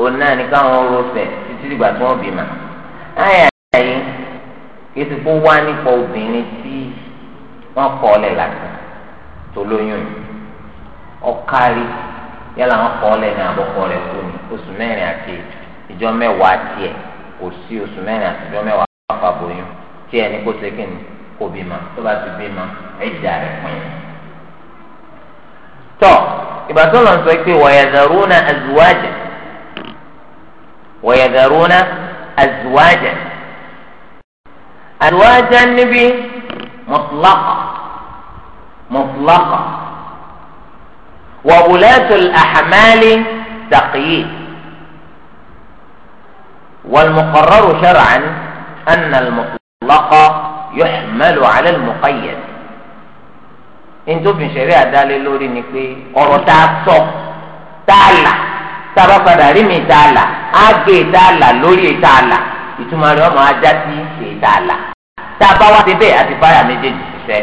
òun náà ní káwọn rọfẹ títí dìgbà tí wọn bímọ. àyà yìí kì í ti kó wá nípa obìnrin tí wọn kọ ọlẹ lásán tó lóyún ọkárí yálà wọn kọ ọlẹ ní àbọkọ rẹ kú ní oṣù mẹ́rin àti ìjọ mẹ́wàá tiẹ̀ kò sí oṣù mẹ́rin àtijọ́ mẹ́wàá àfàbòyún tí ẹni kó ṣe kíni kò bímọ tó bá ti bímọ ẹ̀dá rẹ̀ pín. tọ́ ìbátan lọ sọ pé wayadharuna azwaja wayadharuna azwaja azwaja níbi mutlaqa mutlaqa wa ulatul ahmali والمقرر شرعا أن المطلق يحمل على المقيد إن تبن شريعة دالي لوري نكوي قرطا صف تالا تابا قدرمي تالا أجي تالا لوري تالا ìtumọ̀ rẹ̀ ọmọ ajá tí í ṣe dáàlà tá a bá wá débẹ̀ àti báyà méjèèjì ṣiṣẹ́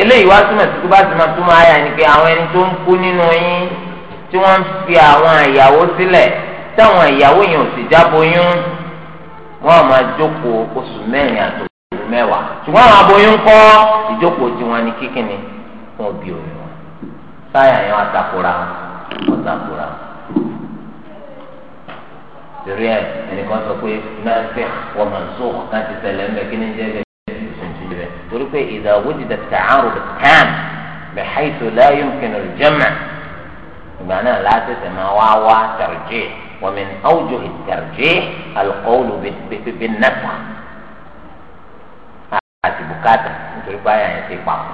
eléyìí wá túmọ̀ sí bá túmọ̀ túmọ̀ ayà ni pé àwọn ẹni tó ń kú nínú yín tí wọ́n ń fi àwọn ìyàwó sílẹ̀ táwọn ìyàwó yẹn ò sì jáboyún wọn a máa jókòó oṣù mẹ́rin àti oṣù mẹ́wàá ṣùgbọ́n àwọn aboyún kọ́ ìjókòó tiwọn ní kíkíni wọn bí oyún wọn táyà yẹn àtakora àtakora torí ẹ ẹnìkan sọ pé náà fẹ wọn máa ń sọ ọkàn ti ṣẹlẹ̀ ń bẹ kí ni jẹ torí pé ìdá wujida tààrù tàn bẹ haythu la yumkinu al ìgbà náà láti tẹ̀ máa wá wá tàrjì. ومن أوجه الترجيح القول بالنفع àti bùkátà nítorí pé àyà yẹn ti pa ọ.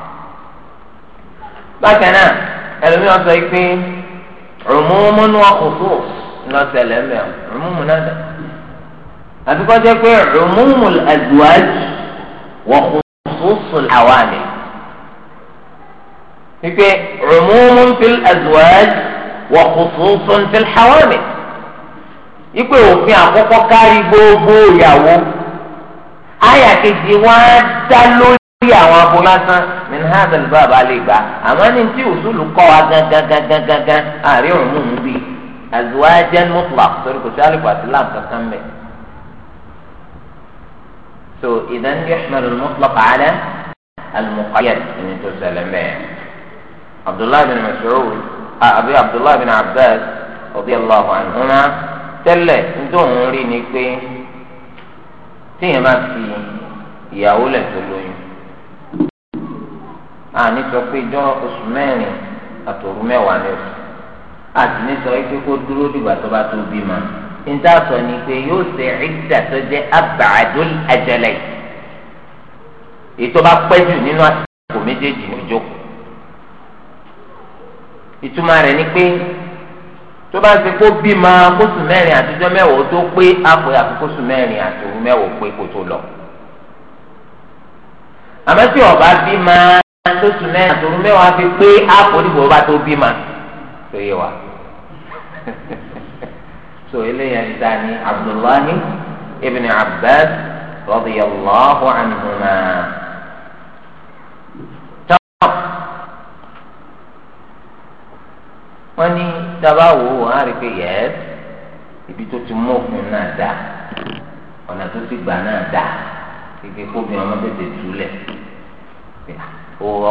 bákan náà ẹlòmíràn sọ pé rùmùmù ní wọn kò tó lọ́sẹ̀lẹ̀ mẹ́rin rùmùmù náà dà. àti kọ́ jẹ́ pé rùmùmù àdùájì wọ́n kò tó sùn àwọn àmì. wípé rùmùmù fil àdùájì wọ́n kò tó sùn fil hàwámì. ipe òfin àkọ́kọ́ kárí gbogbo ìyàwó àyà kejì wọn á dá lórí àwọn abo lásán minhazal bàbá lè gbà àmọ́ ní tí òṣùlù kọ́ wa gangangangangan àárín òun mú bí azwajan mutlaq torí kò sí àlùkò àti kankan mẹ́. so idan yahmalu al-mutlaq ala al-muqayyad ẹni tó ṣẹlẹ̀ mẹ́. abdullahi bin mas'ud abi abdullahi bin abbas radiyallahu anhuma tẹ́lẹ̀ ntòun rí ni pé téèyàn bá fi ìyàwó lẹ̀ tó lóyún àní sọ pé ìjọ oṣù mẹ́rin àtòrú mẹ́wàá ní oṣù àti ní sọ pé kó dúró dìgbà tó bá tó bímọ níta sọ ni pé yóò ṣe ìdá tó jẹ́ abàdúl ajẹlẹ̀ ètò bá pẹ́ jù nínú àsìkò méjèèjì ní ìtumọ̀ rẹ̀ ni pé. tó bá ti kó bí ma kó mẹ́rin àtijọ́ mẹ́wàá tó pé àpò àti kó mẹ́rin àti òun mẹ́wàá pé kó tó lọ. ọba bí ma mẹ́rin àti òun fi pé àpò nígbà ọba tó bí ma tó yé wa. so ni Abdullahi ibn Abbas radiyallahu anhuma. wọ́n ní dábàá wò ó wọ́n á rí i pé yẹ́s ibi tó ti mú òfin náà dá ọ̀nà tó ti gbà náà dá kékeré kóbi ọmọ tètè túlẹ̀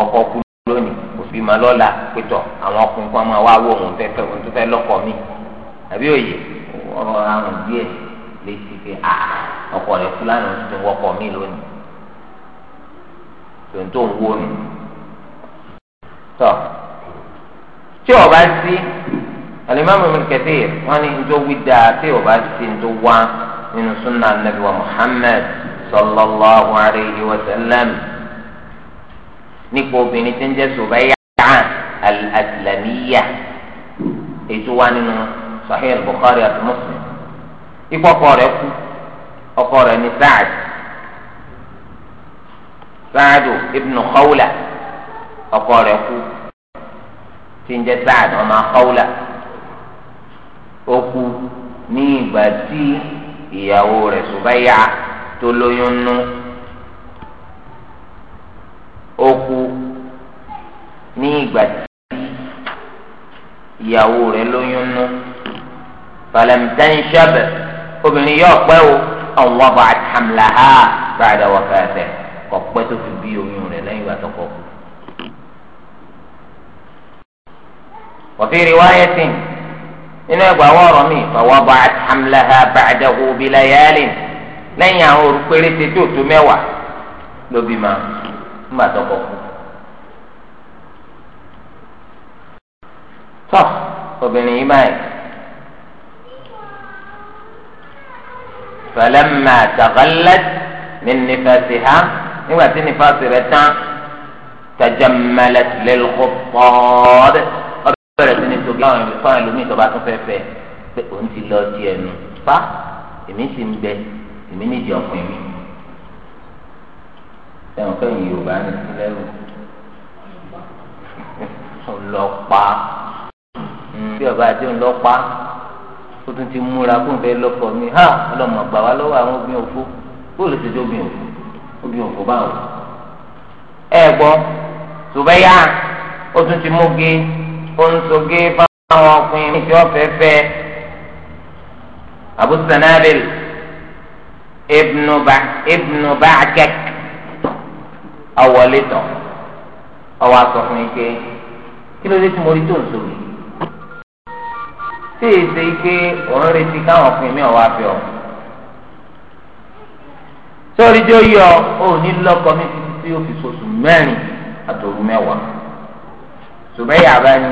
ọkọ kú lónìí kò sí ma lọ́la pétọ̀ àwọn ọkùnrin kan máa wá wọ òun tẹ́tẹ́ òun tó fẹ́ lọ́kọ̀ mi àbí òye ọ̀rọ̀ àrùn díẹ̀ létí pé a ọkọ rẹ̀ fúlàní oṣù tó wọ́kọ̀ mi lónìí tòun tó ń wó ni tí ọba sí alimami ibn Kathir wọn ni njó wí dáa tí ọba sí njó wá nínú sunna anabi wa muhammed sallallahu alayhi wa sallam nípa obìnrin tí ń jẹ Subayya al-Aslamiya ètò wá nínú sahih al-Bukhari àti Muslim ipò ọkọ rẹ̀ kú ọkọ rẹ̀ ní saad saadu ibnu Khawla ọkọ rẹ̀ kú. tí ń jẹ́ sáàdì ọmọ akọ́wùlà ó kú ní ìgbà tí ìyàwó rẹ̀ Subayya tó lóyún nú ó kú ní ìgbà tí ìyàwó rẹ̀ lóyún nú falamtanṣabẹ obìnrin yóò pẹ́ o àwọn bá a tàmlà ha bá a dà wọ́pẹ́ ẹ̀fẹ̀ pẹ́ tó fi bí oyún rẹ̀ lẹ́yìn ìgbà tó kọ̀ kú. وفي رواية إنه يقوى مي فوضعت حملها بعده بليال لن يعور كريت توت ميوى لو بما ما تقول صح وبني ماي فلما تغلت من نفاسها نفاس نفاس رتان تجملت للخطاب láwọn ibi fún àlùmí ìtọ́ba tó fẹ́ fẹ́ pé òun ti lọ di ẹnu pa èmi sì ń bẹ èmi nídìí ọkùnrin mi ẹ̀wọ̀n fẹ́yìn yorùbá ní sílẹ̀rù ńlọpa bí ọba àti ńlọpa ó tún ti múra kó n fẹ́ lọ́kọ mi ha ọlọ́mọ gbà wá lọ́wọ́ àwọn obìnrin òfó bóòlù ti dé obìnrin òfó obìnrin òfó báwọn ẹ gbọ́ tùbẹ́yà ó tún ti mú gé ó ń so gé bá àwọn ọkùnrin tí wọ́n fẹ́ fẹ́ Abu Sanabil ibnu Ba'kak ọ̀wọ́lẹ́tọ̀ ọwọ́ asọ̀kùnrin pé kí ló dé tí mo rí tó ń sọ yìí tí èsè ike òun retí káwọn ọkùnrin mi ọ̀wá fẹ́ ọ sórí tí ó yọ ọ ní lọ́kọ mi títí tí ó fi sọ̀sù mẹ́rin àtòrú mẹ́wàá ṣùgbọ́n yàrá ni.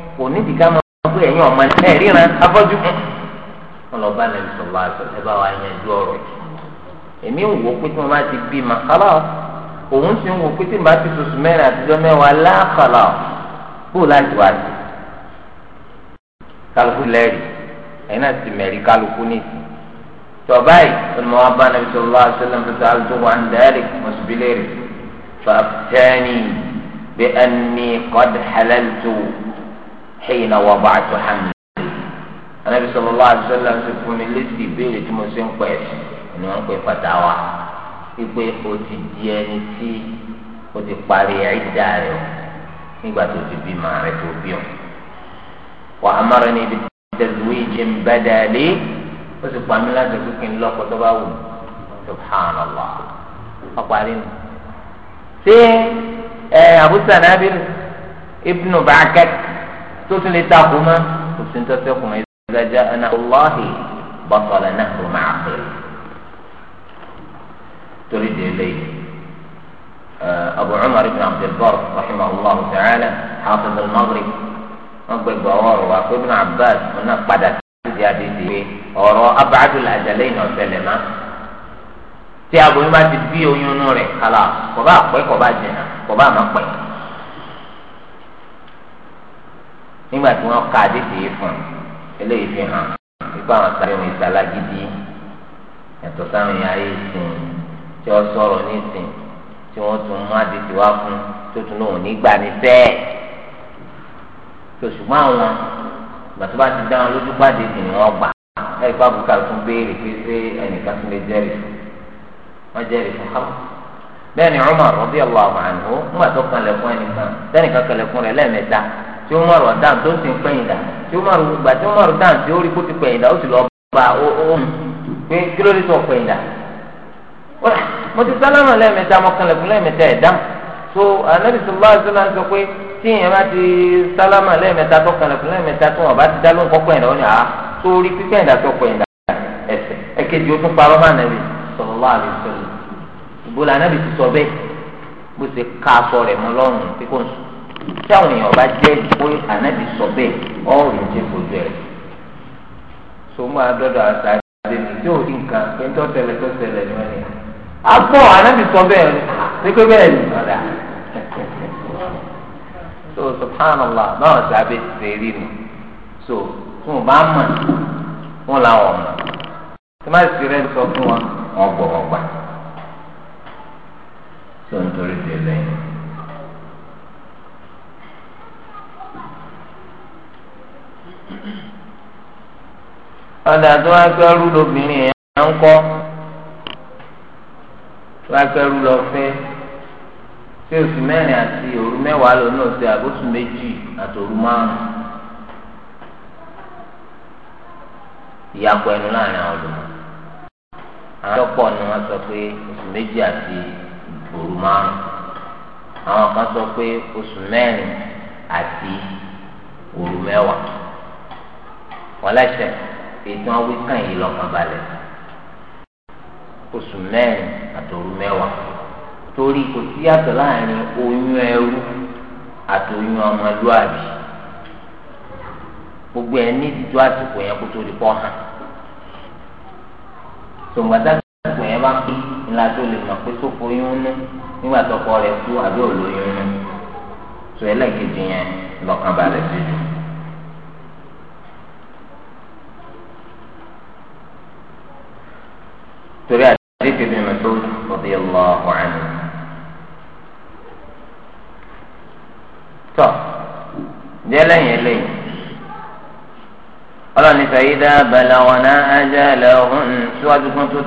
kò nídìí ká máa pé ẹ̀yin ọ̀ma ẹ̀ ríran afọ́jú fún wọn lọ bá nàbì sọ̀rọ̀ àṣọ ẹ bá wa yanjú ọ̀rọ̀ èmi ń wò ó pé tí wọ́n bá ti bí ma kálá òun sì ń wò ó pé tí n bá ti sòsù mẹ́rin àtijọ́ mẹ́wàá láàkàlà kó láti wá sí kálukú lẹ́rìí ẹ̀yin náà ti mẹ̀rí kálukú nìsí tọ́ba yìí wọn mọ abá nàbì sọ̀rọ̀ àṣọ lẹ́mú tó ń dẹ́rẹ́ mọ̀sibílẹ̀ rẹ̀ fàtẹ́ni bẹ́ẹ̀ ni tó حين وضعت حملي النبي صلى الله عليه وسلم fún mi lésì ìbéèrè tí mo ṣe ń pẹ ni wọn pè fatawa wípé o ti di ẹni tí o ti parí ẹ̀dá rẹ o nígbà tó ti bímọ rẹ tó bí o wà á mọ̀rọ̀ ní ibi tẹ̀síwì jẹ́ ń bẹ́ dẹ́ẹ́lí ó sì pa mí láti pé kí n lọ́kọ̀ tó bá wù subhanallah ọ̀parí ni. ṣé ẹ Abu Sanabil ibnu Ba'kat tó tún lè takò mọ́ kò sí nítorí sẹ́kù mọ́ idha ja'ana Allahi batala nahru ma'qil torí délé eh, Abu Umar ibn Abdul Barr rahimahullahu ta'ala hafiz al-Maghrib wọn gbé gbọwọrọ wa pé ibn Abbas wọn náà padà sí àdéhùn pé ọ̀rọ̀ abadul ajalain ọsẹlẹ náà tí aboyún bá ti bí oyún nù rẹ̀ kálá kọba àpẹ kọba jẹnà kọba àmàpẹ. nígbà tí wọ́n ka àdéhùn yìí fún eléyìí fi hàn nípa àwọn sáré wọn ìsàlágídí ẹ̀tọ́ sáwọn èèyàn ayé ìsìn tí wọ́n sọ̀rọ̀ ní ìsìn tí wọ́n tún mú àdéhùn wá fún tó tún lóun nígbà ní sẹ́ẹ̀ tó ṣùgbọ́n àwọn ìgbà tó bá ti dá wọn lójú pàdé ìsìn ni wọ́n gbà ẹ̀rí pa bùkà tún béèrè pé ṣé ẹnìkan tún lè jẹ́rìí fún wọ́n jẹ́rìí fún káwọn bẹ́ẹ̀ ni Umar radiyallahu anhu nígbà tó kan lẹ̀kùn ẹnìkan tẹ́nìkan kan lẹ̀kùn rẹ̀ lẹ́ẹ̀mẹ́ta tí ó mọ̀rọ̀ dáhùn tó ń sìn dà tí ó mọ̀rọ̀ gbà tí ó mọ̀rọ̀ dáhùn tí ó rí kó ti pẹ̀yìn dà ó sì lọ bá ohun pé kí ló so anabi sọlá sọlá sọ pé tí èèyàn bá ti sálámà lẹ́ẹ̀mẹ́ta tó kan lẹ́kùn tó wọn bá ti dá ló ń kọ́ pẹ̀yìn dà ó ní ah, tó rí dà tó pẹ̀yìn tí àwọn èèyàn bá jẹ́ pé ànábì sọ bẹ́ẹ̀ ọ̀rùn ti fojú ẹ̀ so mú adọ́dọ̀ àtà àdébí tí ò rí nǹkan pé ń tọ́tẹ̀lẹ̀ tọ́tẹ̀lẹ̀ ni wọ́n ní. àpọ̀ ànábì sọ bẹ́ẹ̀ ni pé bẹ́ẹ̀ ni ọ̀dà so subhanallah náà sábẹ́ ti rí mi so fún un bá mọ̀ fún làwọn ọmọ tí má sì rẹ̀ sọ fún wọn wọn gbọ̀ wọn gbà so nítorí tẹ̀lé yìí. ọ̀dà tó wá ruru rú lóbìnrin yẹn máa ń kọ́ wá rú lọ fẹ́ tí oṣù mẹ́rin àti òru mẹ́wàá lọ náà ṣe àbóṣù méjì àtòru márùn-ún ìyàpọ̀ ẹnu láàrin àwọn ọ̀dùnmọ̀ àwọn ọ̀pọ̀ ni wọ́n sọ pé oṣù méjì àti òru márùn-ún sọ pé oṣù mẹ́rin àti òru mẹ́wàá. wọn lẹsẹ ètò àwọn kan yìí lọ́kàn balẹ̀ oṣù mewa tori mẹ́wàá torí kò sí yàtọ̀ láàrin oyún ẹrú àti oyún ọmọlúwàbí gbogbo ẹ ní ìdíjọ àsìkò yẹn kó tó di pọ hàn tòmọdá àsìkò yẹn bá pín ńlá tó lè mọ̀ pé sóko oyún nú nígbà tọkọ rẹ̀ kú àbí òlóyún nú tó ẹlẹ́ẹ̀kejì yẹn lọ́kàn balẹ̀ torí àdéhùn ibn Mas'ud radiyallahu anhu. tọ́ ǹjẹ́ lẹ́yìn eléyìí ọlọ́ni fẹ̀yìdá balawọ̀nà ajalahun síwájú fún tó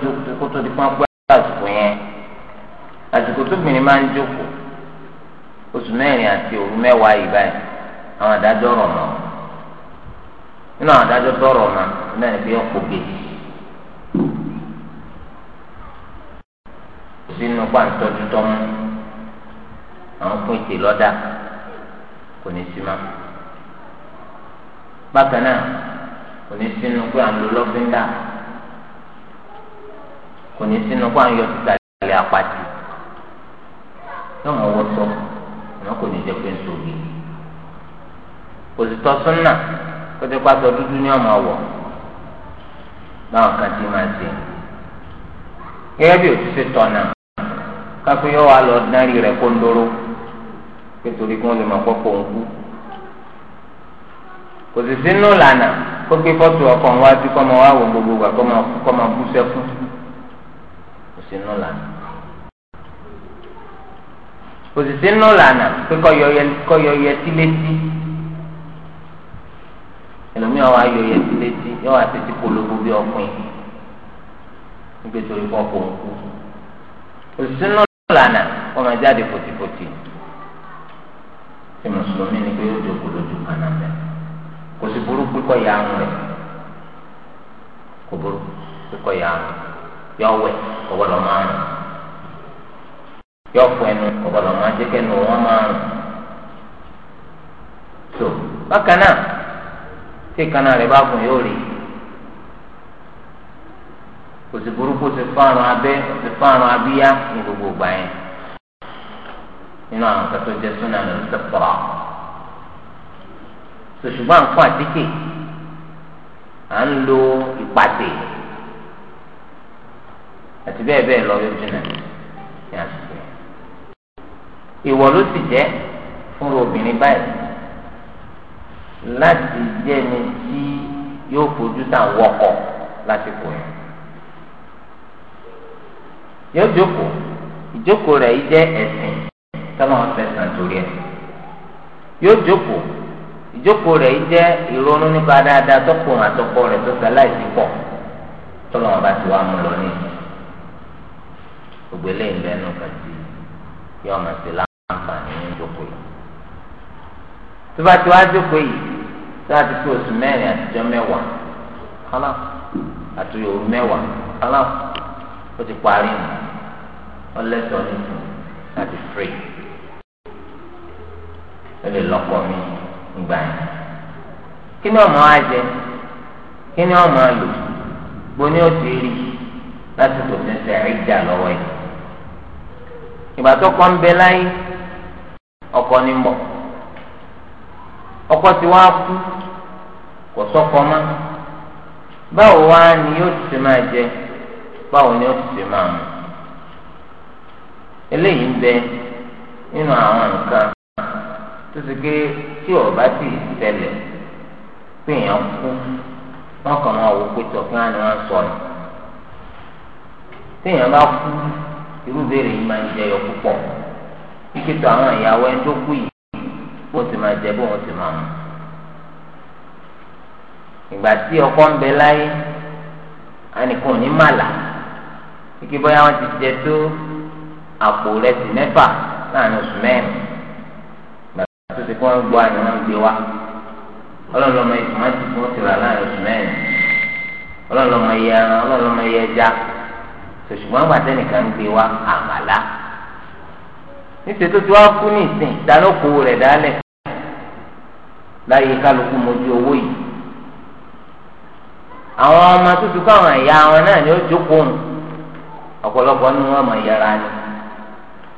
tó di fún ọgbà àsìkò yẹn àsìkò tó bìnrin máa ń jókòó oṣù mẹ́rin àti òru mẹ́wàá yìí báyìí àwọn adájọ́ rọ̀ mọ́ nínú àwọn adájọ́ tọrọ ọ̀nà náà ni pé ọkọ̀ gèjì sínú pàǹtọ́jú tó mú àwọn fún ètè lọ́dà kò ní sí ma bákan náà kò ní sínú pé à ń lo lọ́fíńdà kò ní sínú pé à ń yọ tìtàlẹ̀ àpàtì yóò mọ̀ wọ́sọ̀ wọn kò ní jẹ́ pé ń sòbí kò sì tọ́ súnà kó tẹ́ pàtó dúdú ní ọmọ wọ̀ báwọn kan ti máa ṣe gẹ́gẹ́ bí òtún ṣe tọ̀ náà kápẹ́ yọ wà lọ dánrí rẹ̀ kó ń dóró nítorí kí wọ́n lè máa gbọ́ pọ̀ ń kú. kò sì sínú lànà kó gbé fọ́tò ọkọ̀ ń wájú kọ́ máa wá wò gbogbo ìgbà kọ́ máa bú sẹ́kún kò sínú lànà. kò sì sínú lànà pé kọ́ yọ yẹtí létí ẹlòmíràn wá yọ yẹtí létí yọ wá tètè polówó bí ọkùnrin nígbè torí kọ́ pọ̀ ń kú. kò sínú lànà wọn máa jáde fòtìfòtì tí mùsùlùmí ni pé ó jókòó lójú kan náà bẹ kò sí burú pípọ̀ ya ń rẹ̀ kò burú pípọ̀ ya ń yọ wẹ̀ kò gbọdọ̀ máa rùn yọ fún ẹnu kò gbọdọ̀ máa jẹ́ kẹ́nu wọn máa rùn so bákan náà tí ìkànnà rẹ̀ bá gùn yóò rí i kò sì burúkú ti fárun abẹ́ ti fárun abíyá ní gbogbo ìgbà yẹn nínú àwọn kan tó jẹ súnà ní sèpọrọ sòṣùgbọ́n à ń kó àtíkè à ń lo ìpàdé àti bẹ́ẹ̀ bẹ́ẹ̀ lọ yóò jìnnà ní àsìkò ìwọ ló sì jẹ́ fún obìnrin báyìí láti jẹ́ni tí yóò fojú sàn wọkọ̀ lásìkò yẹn. yóò jókòó ìjókòó rẹ̀ yìí jẹ́ ẹ̀sìn tọ́lọ́wọ́n fẹ̀sán torí ẹ̀ yóò jókòó ìjókòó rẹ̀ yìí jẹ́ ìrònú nípa dáadáa rẹ̀ tó sá láìsí pọ̀ tọ́lọ́wọ́n bá ti wá mú lọ ní gbogbo eléyìí lẹ́nu kàtí láǹfààní ní yìí tó bá ti wá jókòó yìí tó bá ti fi oṣù mẹ́rin àtijọ́ mẹ́wàá kálá àti mẹ́wàá ó ti parí nù ọlẹ́tọ̀ nìkan láti fèrè ó lè lọ́kọ̀ mi gbà yín kí ni ọmọ á jẹ kí ni ọmọ á lò gbóni ó ti rí láti tó ti sẹ ẹjà lọ́wọ́ yìí ìgbà tó kọ́ ń bẹ láyé ọkọ ni mọ̀ ọkọ ti wá kú kò sọ́kọ mọ́ báwo wá ni yóò ti máa jẹ. báwo ni ó ti ṣe máa mú eléyìí ń bẹ nínú àwọn nǹkan tó ti gé tí ọba ti tẹlẹ pé èèyàn kú wọn kàn máa wò pé tọkí wọn ni wọn sọ ni tí èèyàn bá kú irú yìí máa ń jẹyọ púpọ̀ àwọn ti máa jẹ bó ti máa mú ìgbà ọkọ ń bẹ láyé ò kíkí bóyá wọn ti jẹ tó àpò rẹ sí mẹ́fà láàrin oṣù mẹ́rin gbàgbà tó ti kọ́ ń gbọ́ àyàn wọn gbé wa ọlọ́lọ́mọ ìtumọ̀ ti fún ti rà láàrin oṣù mẹ́rin ọlọ́lọ́mọ iye ẹran ọlọ́lọ́mọ iye ẹja ṣùgbọ́n gbàtẹ́ nìkan ń gbé wa àmàlà níṣẹ́ tó ti wá kú ní ìsìn ìdálókòwò rẹ̀ dálẹ̀ láyé kálukú mojú owó yìí àwọn ọmọ tó ti kọ́ àwọn ẹ̀yà wọn náà ni ó jókòó ọ̀pọ̀lọpọ̀ nínú wọn mọ̀ yàrá ni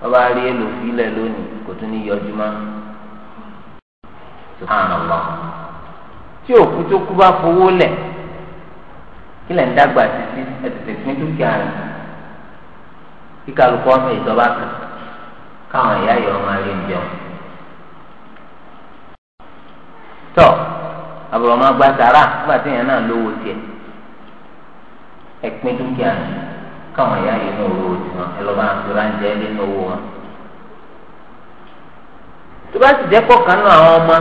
wọ́n bá rí èlòfílẹ̀ lónìí kò tún ní yọjú mọ́ subhanallah tí òkú tó kú bá fowó lẹ̀ kí lẹ̀ ń dàgbà títí ẹ tètè dúkìá rẹ̀ kí kálukú ọmọ ìjọba kan káwọn ìyá ọmọ tọ́ máa gba sàrà nígbà tí náà káwọn ìyá yìí ní owó tiwọn ẹ lọ bá ń fi ránjẹ lé ní owó wọn. tó bá ti dẹ́pọ̀ kan náà àwọn ọmọ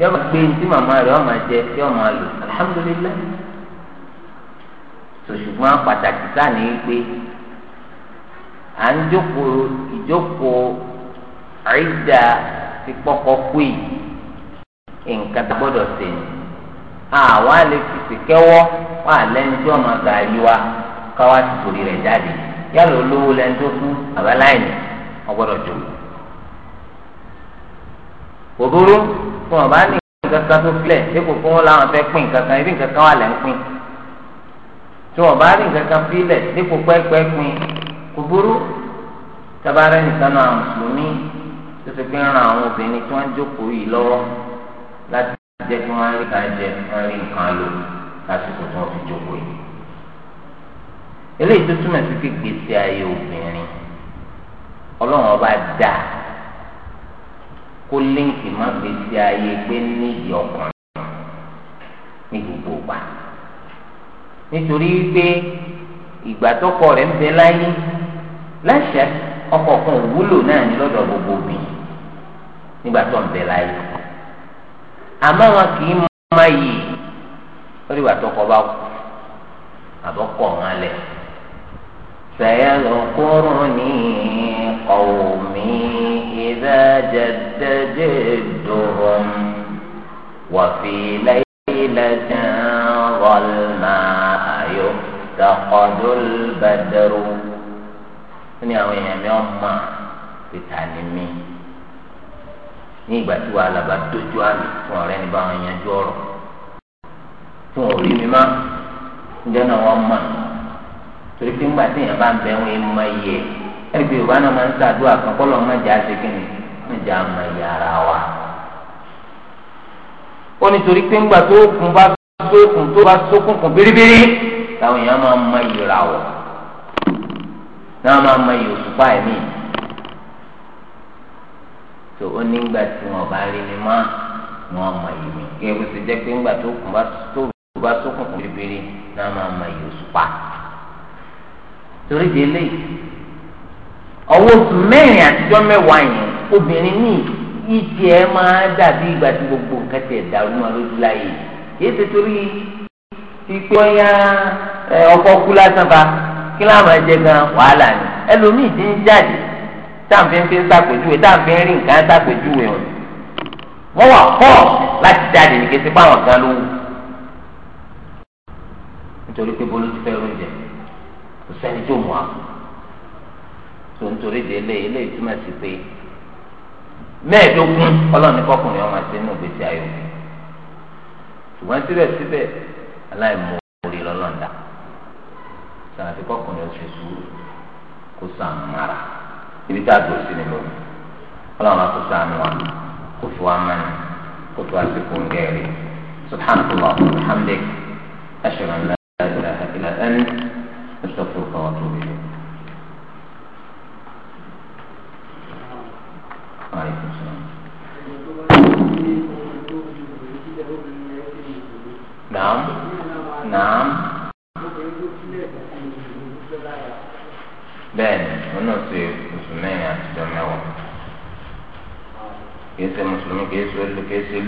yọ máa gbé ní tí màmá rẹ̀ ọmọ jẹ tí ọmọ lò alihamudulilayi sòṣùgbọ́n pàtàkì sáà ní pé à ń jókòó ìjókòó àìjà ti kpọkọ pé nǹkan tó gbọ́dọ̀ sèyìn àwa lè fi sèkẹwọ wà lẹni tí ọmọ gàrí wa káwá ti torí rẹ̀ jáde yálà olówó lẹni tó kú àbáláyìn ọgbọ́dọ̀ jò òdúró fún ọba ní nǹkan tó filẹ̀ dípò fún wọn làwọn fẹ́ pín nǹkan kan ibi nǹkan kan wà lẹ́ ń pín tí wọn bá rí nǹkan kan filẹ̀ dípò pẹ́ẹ́pẹ́ pín kò burú tabarẹ́ nìkan náà àwọn mùsùlùmí tó ti pín ran àwọn obìnrin tí wọ́n jókòó yìí lọ́wọ́ láti jẹ́ kí wọ́n rí kan jẹ kí wọ́n rí nǹkan lò lásìkò tí wọ́n fi jókòó yìí eléyìí tó túmọ̀ sí kékeré ayé obìnrin ọlọ́run ọba dà kó líǹkì má gbèsè ayé pé níyì ọkùnrin ní gbogbo gbà nítorí pé ìgbà tó kọ rẹ̀ ń bẹ láyé láṣẹ ọkọ kan òwúlò náà ní lọ́dọ̀ gbogbo obìnrin nígbà tó ń bẹ láyé àmọ́ wọn kì í máa yìí lórí ìgbà tó bá kú àbọ̀kọ̀ wọn lẹ̀. سيذكرني قومي إذا جد جدهم وفي ليلة ظلماء يفتقد البدر ní àwọn èèyàn mi ọmọ ìta ni mí ní ìgbà tí wàhálà bá dojú àmì fún ọ̀rẹ́ ní báwọn yanjú ọ̀rọ̀ fún orí mi má ń jẹ́ náà wọ́n mọ̀ ní torí pé ńgbà téèyàn bá ń bẹ wọn èèmọ iye ẹni pé yorùbá náà máa ń ṣàdúrà kan kọ́ lọ́ọ́ mọ̀jà ṣe kí ni mọ̀jà mọ̀ iye ara wa. ó ní torí pé ńgbà tó kùn bá sókùn tó bá sókùn kùn bíríbírí làwọn èèyàn máa mọ iye ra wọ̀ náà máa mọ iye òṣùpá ẹ̀mí. tó ó ní ńgbà tí wọn bá rí mi má wọn mọ iye mi kí ẹ bó ti jẹ́ pé ńgbà tó kùn bá sókùn kùn bíríbírí náà máa mọ iye òṣùpá. torí di eléyìí ọwọ́ oṣù mẹ́rin àtijọ́ mẹ́wàá yẹn obìnrin ní ìtì ẹ̀ máa dàbí ìgbà tí gbogbo nǹkan tẹ̀ dá olúwa lójú láyé kìí ṣe torí ìpè ọ̀yà ọkọ̀ kú lásán ba kí láwọn máa jẹ gan wàhálà ni ẹlòmíì ti ń jáde táàfin fi ń sàpèjúwe táàfin rí nǹkan sàpèjúwe wọn wọ́n wà pọ̀ láti jáde ní kí ẹ ti bá wọn nítorí pé bolo ti fẹ́ oúnjẹ. kò sẹ́ni tó mọ̀ á tó ń torí de ilé ilé ìtumọ̀ sí pé mẹ́ẹ̀ẹ́dógún ọlọ́ọ̀ni kọkùnrin ọmọ àti inú gbèsè ayò ṣùgbọ́n síbẹ̀síbẹ̀ aláìmọ̀ orí lọ́lọ́ọ̀dà sànàfi kọkùnrin oṣù sùúrù kó sàn mara ibi tá a dùn sí ni lónìí ọlọ́run akóso àánú wa kó fi wá mọ́ni kó fi wá sí fún gẹ́rẹ́ subhanahu wa rahmatulahi ashhadu an la ilaha illa anta.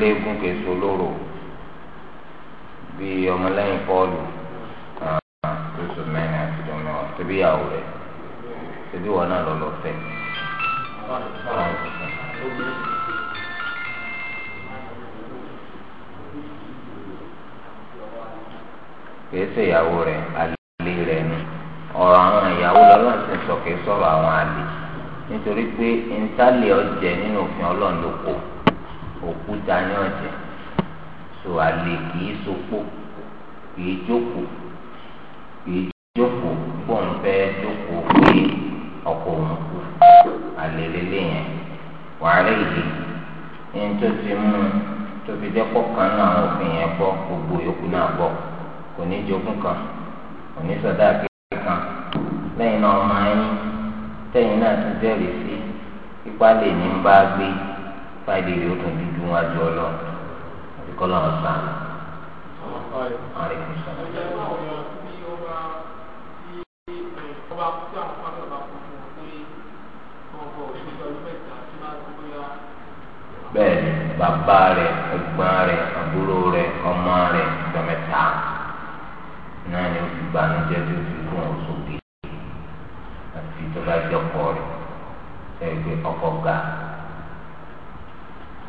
léegun kèso lóró bíi ọmọlẹ́yìn pọ́ọ̀lù oṣù ah, mẹ́rin àti ìdánwò tẹ̀bí ìyàwó rẹ̀ tẹ̀bí wọn náà lọ́lọ́ fẹ́. kìí ṣe ìyàwó rẹ̀ àlè rẹ̀ ni ọ̀rọ̀ àwọn ìyàwó lọ́lọ́run ti sọ kìí sọ̀rọ̀ àwọn àlè nítorí pé ntálẹ̀ ọ̀jẹ̀ nínú òfin ọlọ́run ló kó. òkúta ní ọ̀jẹ̀ so àlè kìí sopó kìí jókòó kìí jókòó jókòó pé ọkọ̀ òun kú àlè lélẹ̀ yẹn wàhálà èyí ẹni tó ti mú tó fi kan náà òfin yẹn gbogbo yòókù náà kò ní jogún kan kò ní kan lẹ́yìn náà ọmọ tẹ́yìn náà ti dẹ́rìí sí ipá lè ní fáìdì rẹ̀ ó tún dúdú wọn àjọ lọ ìkọ́ lọ́wọ́ sàn. bẹ́ẹ̀ni bàbá rẹ̀ ẹ̀gbọ́n rẹ̀ àbúrò rẹ̀ ọmọ rẹ̀ ìgbàmẹ́ta náà ni ó fi bànújẹ́ tó fi kún òṣòdì àti tó bá jẹ́ ọkọ rẹ̀ ẹgbẹ́ ọkọ ga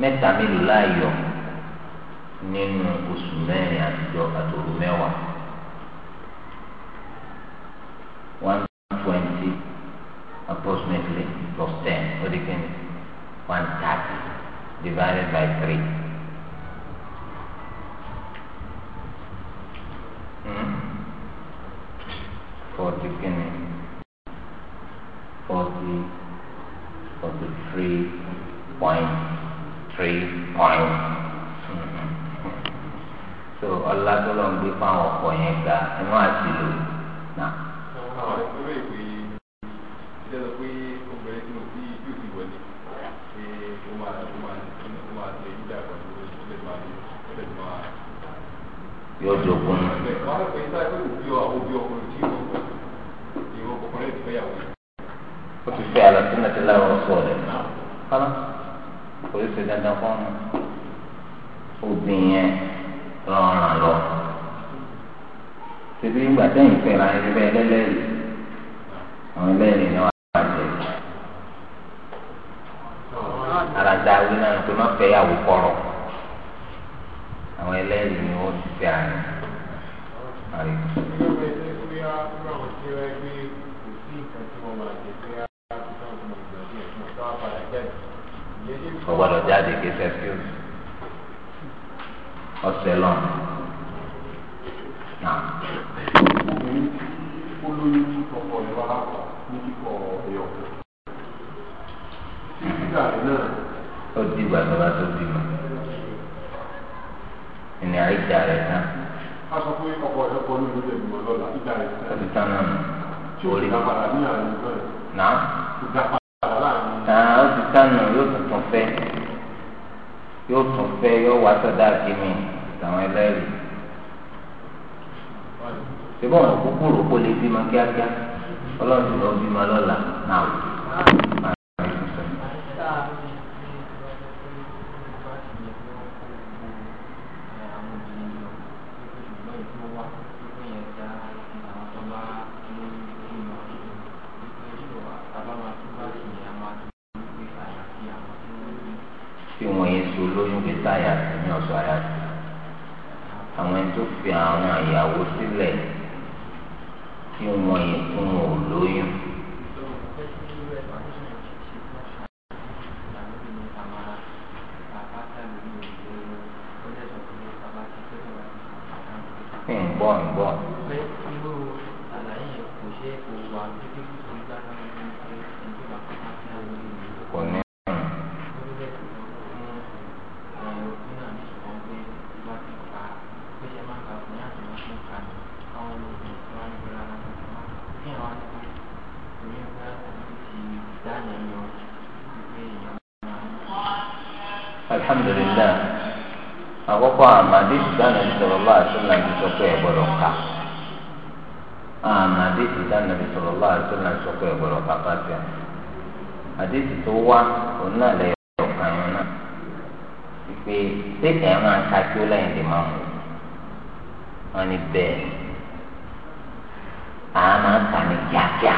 mẹ́ta mélòó láàyò nínú oṣù mẹ́rin àtijọ́ àtòrò mẹ́wàá one twenty approximately plus ten ó di kíni one thirty divided by three. Forty hmm? kíni forty forty three point three points. so ọlá tó lọ ń gbé fáwọn ọkọ yẹn ga ẹ má ti lò náà. àwọn ìwé ìwé ìjẹ́ lọ pé obìnrin tí mo fi ìjú ti wọlé pé ó máa ó máa ó máa ṣe ìjà pẹ̀lú ìṣẹ̀lẹ̀ máa ní ìṣẹ̀lẹ̀ máa. yóò jogun. wọ́n O pè é sáré pé òbí òbí ti fẹ́ yàwó. ó ti fẹ́ náà kò yóò ṣe dandan fún obìnrin yẹn rọrùn lọ ṣèbí ìgbà tẹ̀yìn fẹ́ra ẹni bẹ́ẹ̀ lẹ́lẹ́rìí àwọn ẹlẹ́rìí ni wọ́n á bàjẹ́ ara dáwé náà pé má fẹ́ yàwó kọ̀rọ̀ àwọn ẹlẹ́rìí ni wọ́n ti fẹ́ àná. ọgbọ́dọ̀ jáde kí sẹ́kíù ọ̀sẹ̀ lọ. obìnrin ó lóyún kíkọ ọkọ ìwà lápá ní kíkọ ẹyọ sí kíkà rẹ náà. ó di ìgbà tó bá tó bímọ ìní àìjà rẹ náà. a sọ pé ọkọ rẹ kọ ní ìlú ẹ̀gbọ́n lọ́la ìjà rẹ náà. ó ti tán náà. tí o lè dápadà ní àárín ìgbà yóò tún fẹ́ yóò wá sọ́dá jimmy àtàwọn ẹlẹ́rìí ṣùgbọ́n àwọn kúkúrú kò lè bímọ kíákíá ọlọ́run ló bímọ lọ́la náà. tó wá òun náà lẹ́yìn ọ̀kan yẹn náà pé ṣé ẹ̀ máa ka kí ó lẹ́yìn lè máa mú wọn ni bẹ́ẹ̀ à máa kà ní kíákíá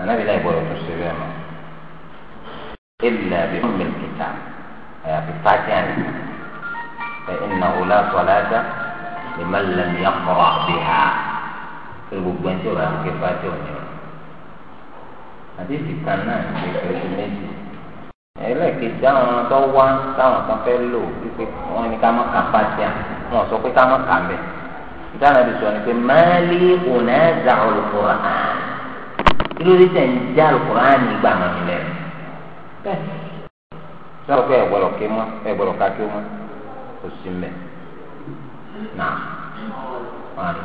anábìlẹ̀ ìbọ̀dọ̀ tó ṣe bẹ́ẹ̀ mọ́ ilẹ̀ àbí fún mi kìtà àyàfi fàtíà nìkan ẹ̀ ẹ̀ nà wò lásọ̀ lásà lè má lẹ́nu yà kọ́ra bí ha gbogbo ẹni tí o bá ń ké fàtíà òní o. àdéhùn kan náà ṣe pẹ̀lú méjì ẹlẹ́ẹ̀kejì àwọn tó wá táwọn kan fẹ́ lò wípé wọ́n ní ká má kà fàtíà wọn sọ pé ká má kà bẹ̀ ìdáná ti sọ ni pé máàlì ònà ẹ̀dá olùkọ́ra kí ló dé tẹ̀ ń já olùkọ́ra nígbà wọn nílẹ̀ bẹ́ẹ̀ sọ̀rọ̀ pé ẹ̀gbọ́dọ̀ ké mọ́ ẹ̀gbọ́dọ̀ ká ké mọ́ kò sí mẹ́ náà wọ́n á lò.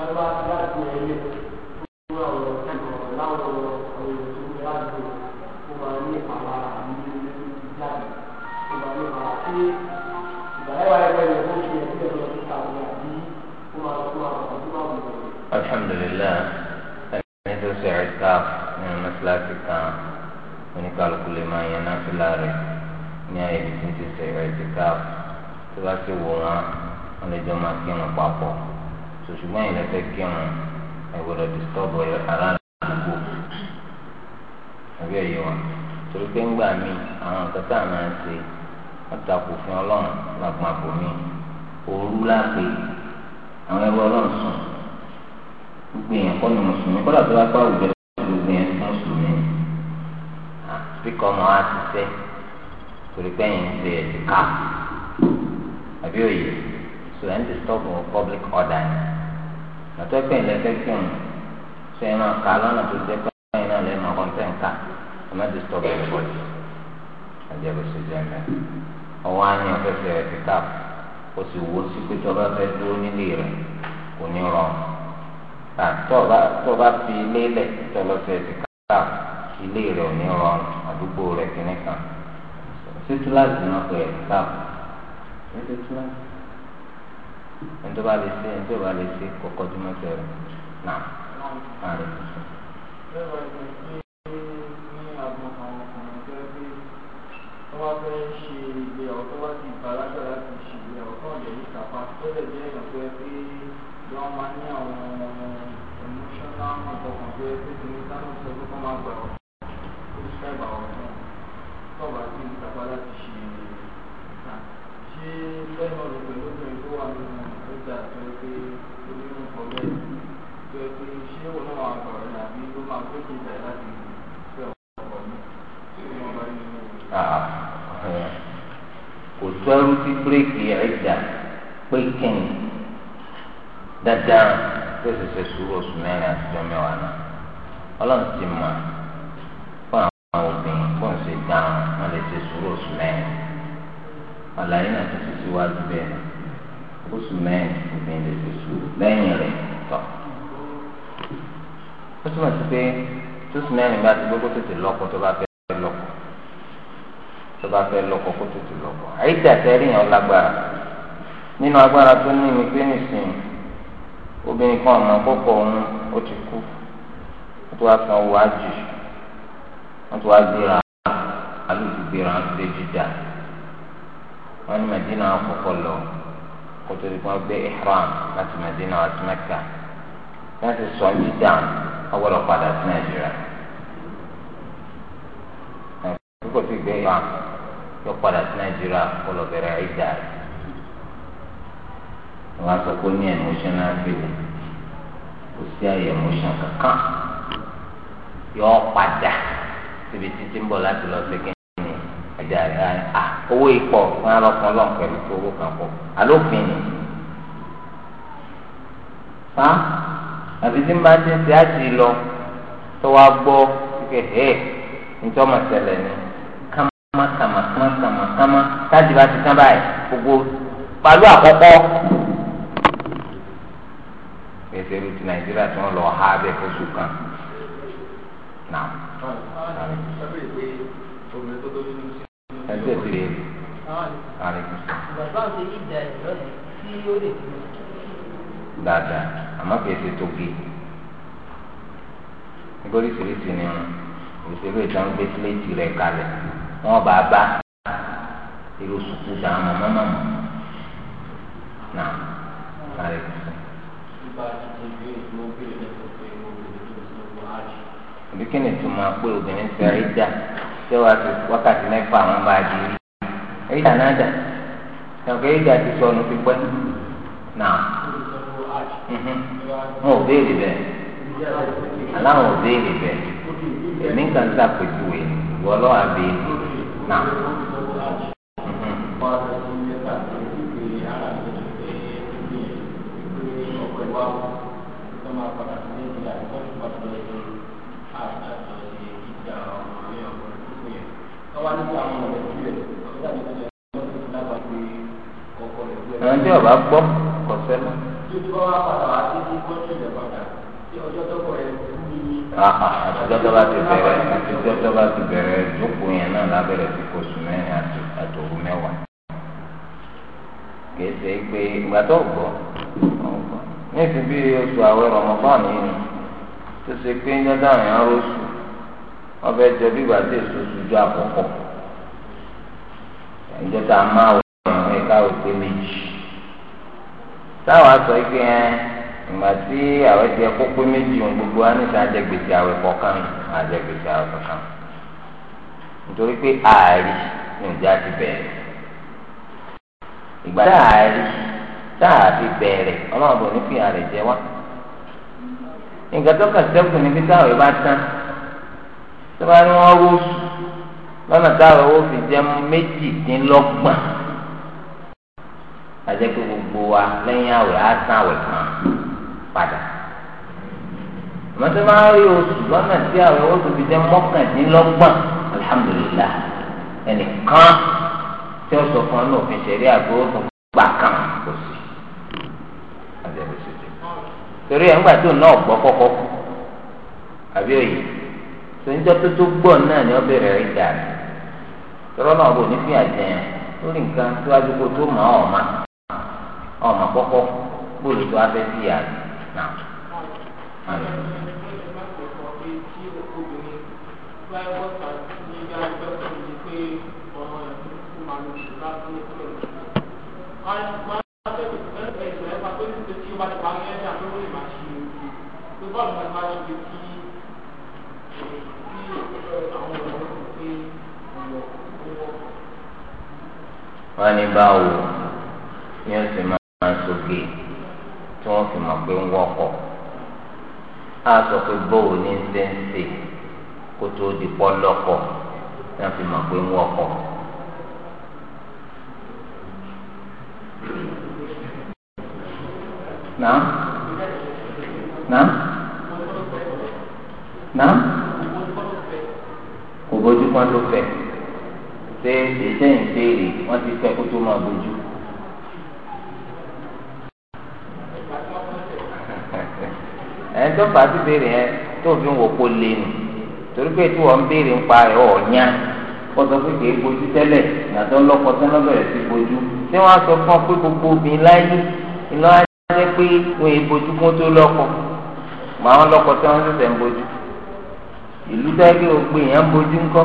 lọ́wọ́ láti alhamdulillah ẹni tó ṣe ẹ̀ka nínú mẹ́sàlásì kan oníkàlùkù lè máa yan náà fi láàrin ní ayé ibi tí ń ti ṣe sòṣùgbọ́n ilẹ̀ fẹ́ kí wọn ẹgbẹ̀rún disturb ara àdúgbò àbí ẹ̀yẹ wọn torí pé ńgbà míì àwọn nǹkan tá à máa ń ṣe wọ́n takò fún ọlọ́run lápá àpò mi òru lápè àwọn ẹgbẹ́ ọlọ́run sùn gbogbo èèyàn kọ́ ni mùsùlùmí kọ́dà tó bá pa àwùjọ gbogbo èèyàn tó mùsùlùmí spíkọ́ ọmọ wa ti sẹ́ torí pé ẹ̀yìn ń ṣe ẹ̀sìn ká àbí òye so ẹ̀ ń disturb public order ni àtẹ́pẹ́ ìlẹ́fẹ́ kírun ṣe é máa kà lọ́nà tó jẹ́ pé ẹ̀yin náà lè máa kọ́ńtẹ́ ń kà ẹ̀ má disturb everybody àjẹbù sí jẹ́ mẹ́ ọwọ́ á ní ọ̀fẹ́fẹ́ rẹ̀ píkà ó sì wó sí pé tó bá fẹ́ dúró nílé rẹ̀ kò ní rọrùn tà tó bá fi ilé lẹ̀ tó lọ fẹ́ píkà ilé rẹ̀ ò ní rọrùn àdúgbò rẹ̀ kìnnìkan ṣé náà pé ẹ̀ píkà ẹ̀ ẹni tó bá lè ṣe ẹni tó bá lè ṣe kọ́kọ́ dúmọ́ sẹ́rẹ̀ náà máa rẹ̀ tuntun. wọ́n fẹ́ ṣe ìgbéyàwó tó bá ti bàlágbà láti ṣe ìgbéyàwó tó lè ní kápá tó lè jẹ́ èèyàn tó yẹ pé wọ́n máa ní àwọn ẹ̀mọ́ṣọ́nà ọ̀kọ̀ọ̀kan tó yẹ pé kí ní sáà sọ pé kó máa gbà kò sọ́rú bírèkì ẹ̀dà pé dáadáa tẹ̀sí sùúrù oṣù mẹ́rin àtijọ́ mẹ́wàá náà ọlọ́run ti mọ̀ fún àwọn obìnrin. àlàyé náà tó ti síwájú bẹ́ẹ̀ náà oṣù mẹ́rin obìnrin lè fi sùn lẹ́yìn rẹ̀ tọ̀. ó túmọ̀ sí pé tóṣù mẹ́rin bá ti gbogbo tètè lọ́kọ tó bá fẹ́ lọ́kọ tó bá fẹ́ lọ́kọ kó tètè lọ́kọ. àyíká tẹ́rì yẹn lágbára nínú agbára tó ní ní pé nìsín obìnrin kan ọ̀nà kókó òun ó ti kú ó tó wá san owó ájì wọ́n tó wá gbéra àlùfù gbéra ń ṣe jíjà wọn ní Madina àkọ́kọ́ lọ kótó tí wọn gbé ihram láti Madina àti Mẹ́kà láti sọ yìí dáhùn ọgbọdọ padà sí Nàìjíríà kókò tí gbé ihram yọ padà sí Nàìjíríà kó lọ bẹ̀rẹ̀ ìdá rẹ wọn sọ pé ní emotional feeling kò sí àyè emotion kankan yọ padà síbi títí ń bọ̀ láti lọ sí kí owó ipò wọn á lọ kàn lọ pẹ̀lú tó owó kan pọ̀ alófin ni fa àbí tí máa ti ń ṣe àti lọ tó wá gbọ́ kékeré nítorí ọmọ ṣẹlẹ̀ ni kámá kámá kámá kámá kámá táàdì bá ti tán báyìí gbogbo pàlú àkọ́kọ́ pèsè ìlú ti nàìjíríà tí wọ́n lọ ha abẹ́ fóṣù kan náà ẹgbẹ́ ti rè é. dáadáa àmọ́ kìí ṣe tó gé nítorí ṣèlérí ni òṣèlú ìtàn gbé síléètì rẹ̀ kalẹ̀ wọ́n bá bá irú sùkú dáhùn mọ́mọ́mọ́ náà sáré kùsùn. ìbí kí ni tó máa pé obìnrin fẹ́ rí dá tí wàá tó wákàtí mẹ́fà wọn bá di rí èyí dà náà dà ẹ̀kọ́ èyí dà ti sọnù ti pẹ́ náà mhm. wọn ò béèrè bẹ́ẹ̀ aláwọn ò béèrè bẹ́ẹ̀ èmi kan ta pẹ̀tù ẹ̀ wọ́n lọ́wọ́ àbẹ̀yẹ náà. Thank mhm. you. Mhm ẹ̀rọ̀n tí ọba gbọ́ kọ̀ sẹ́nu. ọjọ́ tó bá ti bẹ̀rẹ̀ ọjọ́ tó bá ti bẹ̀rẹ̀ ìjókòó yẹn náà lábẹ́rẹ́ sí oṣù mẹ́rin àtòrú mẹ́wàá. kìí ṣe pé ìgbà tó gbọ́ ní ìfi bí oṣù àwẹ̀ rọ̀mọ́fọ́ọ̀nù yìí tó ṣe pé ń jẹ́ dáhùn yẹn rọ́ṣù. Ọ bụ jẹ bí ìgbà tí sojú àkọ́kọ́ ẹ̀jẹ̀ tá a máa wọ ọ̀rọ̀ ẹ̀ka òkè méjì ike ẹ̀ ìgbà tí àwọn ẹ̀jẹ̀ méjì ohun gbogbo wa níta àwẹ̀ kọ̀ọ̀kan àwẹ̀ kọ̀ọ̀kan nítorí pé ààrí ti bẹ̀rẹ̀ ìgbà táàrí táàfi bẹ̀rẹ̀ ọlọ́run bò ní fìyà rẹ̀ jẹ wá nǹkan tó kà sẹ́kù tí wọ́n ní wọ́n rúṣù lọ́nà táwọn owó fi jẹ́ méjìdínlọ́gbọ̀n àjẹpẹ́ gbogbo wa lẹ́yìn àwẹ̀ á san àwẹ̀ kan padà mọ̀tò máa ń rí oṣù lọ́nà tí àwọn owó tó fi jẹ́ mọ́kàndínlọ́gbọ̀n alhamdulillah ẹnìkan tí ó sọ fún ọ náà fi ṣẹ̀rí àgbo tó gbà kan kò sí àjẹpẹ́ ṣojú torí ẹ̀ ńgbà tó náà gbọ́ kọ́kọ́ kú àbí òye sèǹjọ́ tó tó gbọ́ náà ni ó bẹ̀rẹ̀ rí dà rẹ̀ tọ́lọ́ náà bò ní fi àjẹyàn lórí nǹkan tó adúgbò tó mọ̀ ọ́ ma ọ́ gbòòrò tó abẹ́ sí yà náà. Thank you wọ́n ní báwo ni ó sì máa sókè tí wọ́n fi mọ̀ pé ń wọ́kọ̀ á sọ pé bóò ní sẹ́ńsì kó tó di pọ́ lọ́kọ̀ tí wọ́n fi mọ̀ pé ń wọ́kọ̀. Nam? Nam? Nam? kò bójú kan ló fẹ́ pé èyíṣẹ́ yìí béèrè wọ́n ti fẹ́ kó tó máa bójú. ẹni tó fà á sí béèrè yẹn tó fi ń wò kó lé ni torí pé tí wọ́n ń béèrè ń pa ẹ̀ ọ̀ọ́nyá kọ́sọ́ pé kì í bójú tẹ́lẹ̀ ìyàtọ̀ ńlọ́kọ tẹ́lẹ̀ bẹ̀rẹ̀ sí bójú tí wọ́n á sọ fún ọ pé gbogbo obìnrin láyé ìlọ́wọ́ á jẹ́ pé wọ́n èé bójú kó tó lọ́kọ màá lọ́kọ tí ń bójú ìlú dẹ́gbẹ́ ògbìn yẹn ń bójú ńkọ́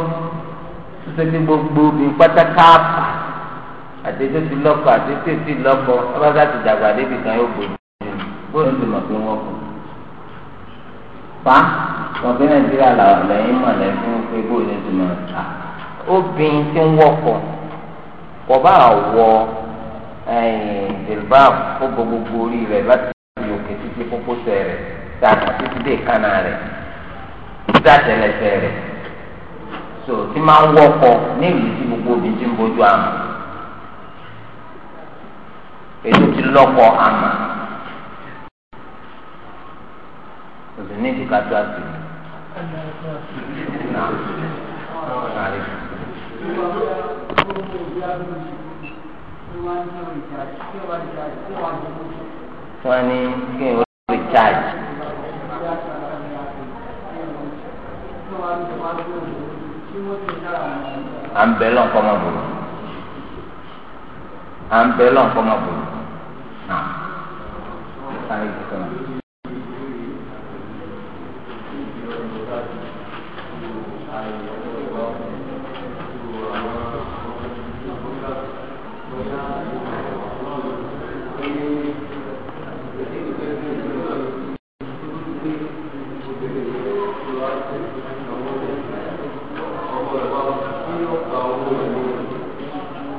tó ṣe pé gbogbo obìnrin pátákáàpà àtẹ̀tẹ̀ ti lọ́kọ̀ àtẹ̀tẹ̀ ti lọ́kọ̀ ọbaṣá ti dàgbà débi kan yóò bójú bóyá ti mọ̀ pé wọ́n kù. fa wọn pé nàìjíríà làwọn lẹ́yìn mọ̀ lẹ́yìn fún pé bóyá ti mọ̀ ta obìnrin ti ń wọ́kọ̀ kọ̀ bá wọ jìlbá fún gbogbo orí rẹ̀ láti fi òkè títí kókósẹ̀ rẹ̀ tàbí títí dé kánà rẹ̀ dá tẹlẹsẹ rẹ so tí máa ń wọkọ ní ìlú tí gbogbo obìnrin ti ń bójú àmọ́ ètò ti lọkọ àmọ́ òsì ní ìdíkà tó àti wọ́n ní kí n ò rí charge. à ń bẹ lọ́nkọ́ máa bòrò à ń bẹ lọ́nkọ́ máa bòrò náà sáré Thank you.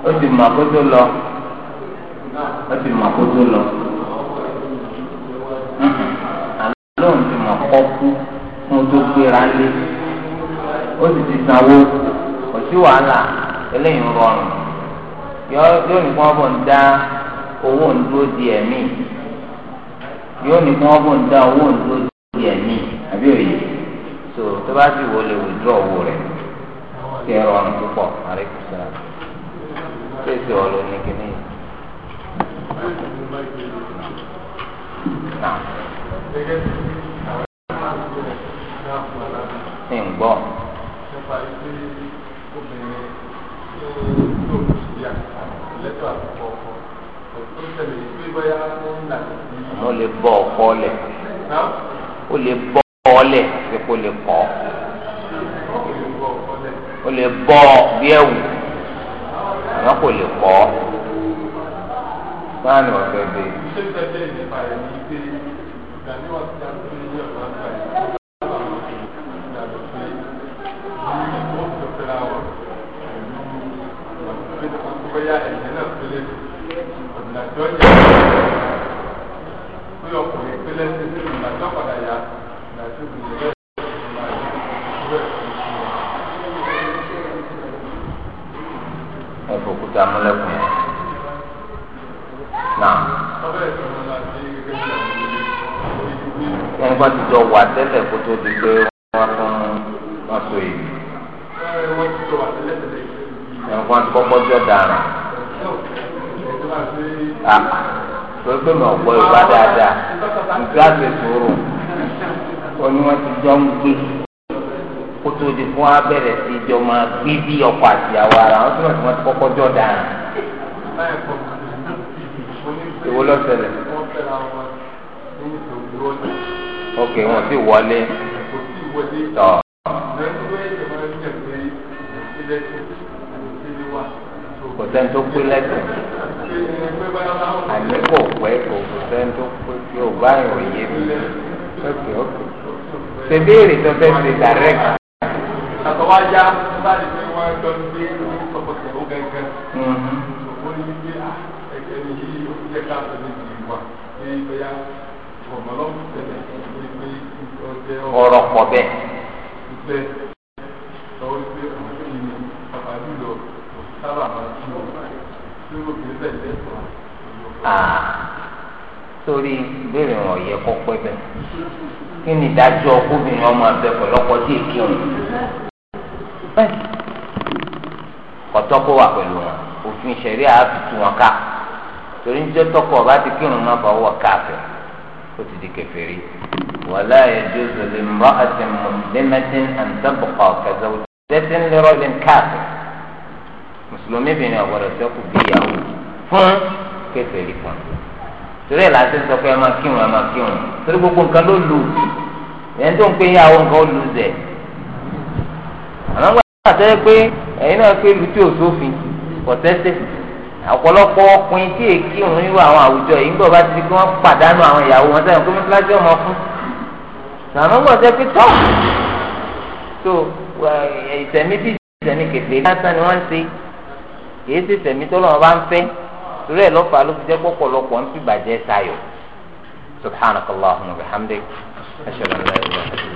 ó ti mọ àkótó lọ ó ti mọ àkótó lọ mm-hmm. àlọ́ ń ti mọ kọ́ kú fún tó gbéra lé ó sì ti sanwó kò sí wàhálà eléyìí ń rọrùn yóò ní kí wọ́n bọ̀ ń dá owó ń dúró di ẹ̀mí yóò ní kí wọ́n bọ̀ ń dá owó ń dúró di ẹ̀mí àbí òye so tó bá sì wọlé withdraw owó rẹ̀ kí ẹ rọrùn púpọ̀ àríkùsọ̀rọ̀ kéèsì ọ̀lọ́ ní kíní. Ní Mo lè bọ́ ọkọ lẹ̀. O lè bọ́ ọ lẹ̀ ṣe kó lè kọ́. O lè bọ́ ọ bí ẹ̀wù àmọ́ kò lè kọ́ báàmì ọ̀fẹ́ bẹ́ẹ̀. ti amúlẹ̀kùn yẹn. Náà. Wọ́n gbọ́n ti jọ wà tẹ́lẹ̀ kó tó di pé wọ́n fún wọn so èyí. Wọ́n gbọ́n ti kọ́kọ́ jọ dàrán. Torí pé mi ò gbọ́ ìgbà dáadáa, nǹkan àti ní wọ́n ti jọ ń gbé kótó di fún wa bẹ̀rẹ̀ sí jọ máa gbé bí ọkọ̀ àti àwa ara wọn tí wọ́n ti kọ́kọ́ jọ dáa. ìwọ lọ ṣẹlẹ̀. ok wọn sì wọlé. tọ́. kò sẹ́ni tó pé lẹ́sẹ̀. àní kò pẹ́ kò sẹ́ni tó pé yóò bá ìròyìn mi. ok ok. ṣe béèrè tó fẹ́ ṣe direct àtọwájá bá di pé wọ́n jọ gbé ní pọpọtẹ ó gángan. Mhm. ó ní bí ẹgbẹ́ mi yí ó jẹ́ ká tó ní ti wà ní ìgbéyà ọ̀mọ̀lọ́mù tẹ̀lé ní pé ọjẹ́ ọ̀rọ̀ pọ̀ bẹ́ẹ̀. ìgbẹ́ lọ́wọ́ pé àwọn èyí ni bàbá lílọ sábà máa ń lò tí ó bẹ́ẹ̀ lẹ́sọ̀ọ́ ah. sórí ìbéèrè wọn yẹ kó pẹ́ bẹ́ẹ̀ kí ni ìdájọ́ obìnrin ọmọ abẹ pẹ̀lú ọkọ tí èké òun kọtọ kó wà pẹ̀lú wọn òfin ṣẹlẹ àtútù wọn ká torí ń jẹ tọkọ ọba ti kírun náà bá wọ káàfẹ ó ti di kèfèrí wàlá ẹjọ zòlè mọ àti mùsùlùmẹtìn àǹtẹbùkọ kẹsàwó tẹsán lérọlẹ káàfẹ mùsùlùmí bìnrin ọgbọdọ sẹkù bíyàwó fún kèfèrí kan torí ẹ̀ láti sọ pé ẹ máa kírun ẹ máa kírun torí gbogbo nǹkan ló lù ẹ̀ ń tó ń pé yàwó nǹkan ó lù zẹ̀ àmọ́ àtẹ́yẹ pé ẹ̀yin náà pé lùtí òsófin ọ̀tẹ́sẹ̀ ọ̀pọ̀lọpọ̀ ọkùnrin tí èkí òun irú àwọn àwùjọ yìí ń bọ̀ bá ti di kí wọ́n pàdánù àwọn ìyàwó wọn sẹ́yìn gómìnà láti ọmọ fún nàánú gbọ́n jẹ́ pé tọ́ tó ìtẹ̀mí tí ìtẹ̀mí kẹfẹ́ lásán ni wọ́n ń ṣe kìí ṣe tẹ̀mí tó lọ́wọ́ bá ń fẹ́ torí ẹ̀ lọ́fà ló fi jẹ́ pọ̀pọ̀lọpọ̀ ń fi bàjẹ́ sayọ̀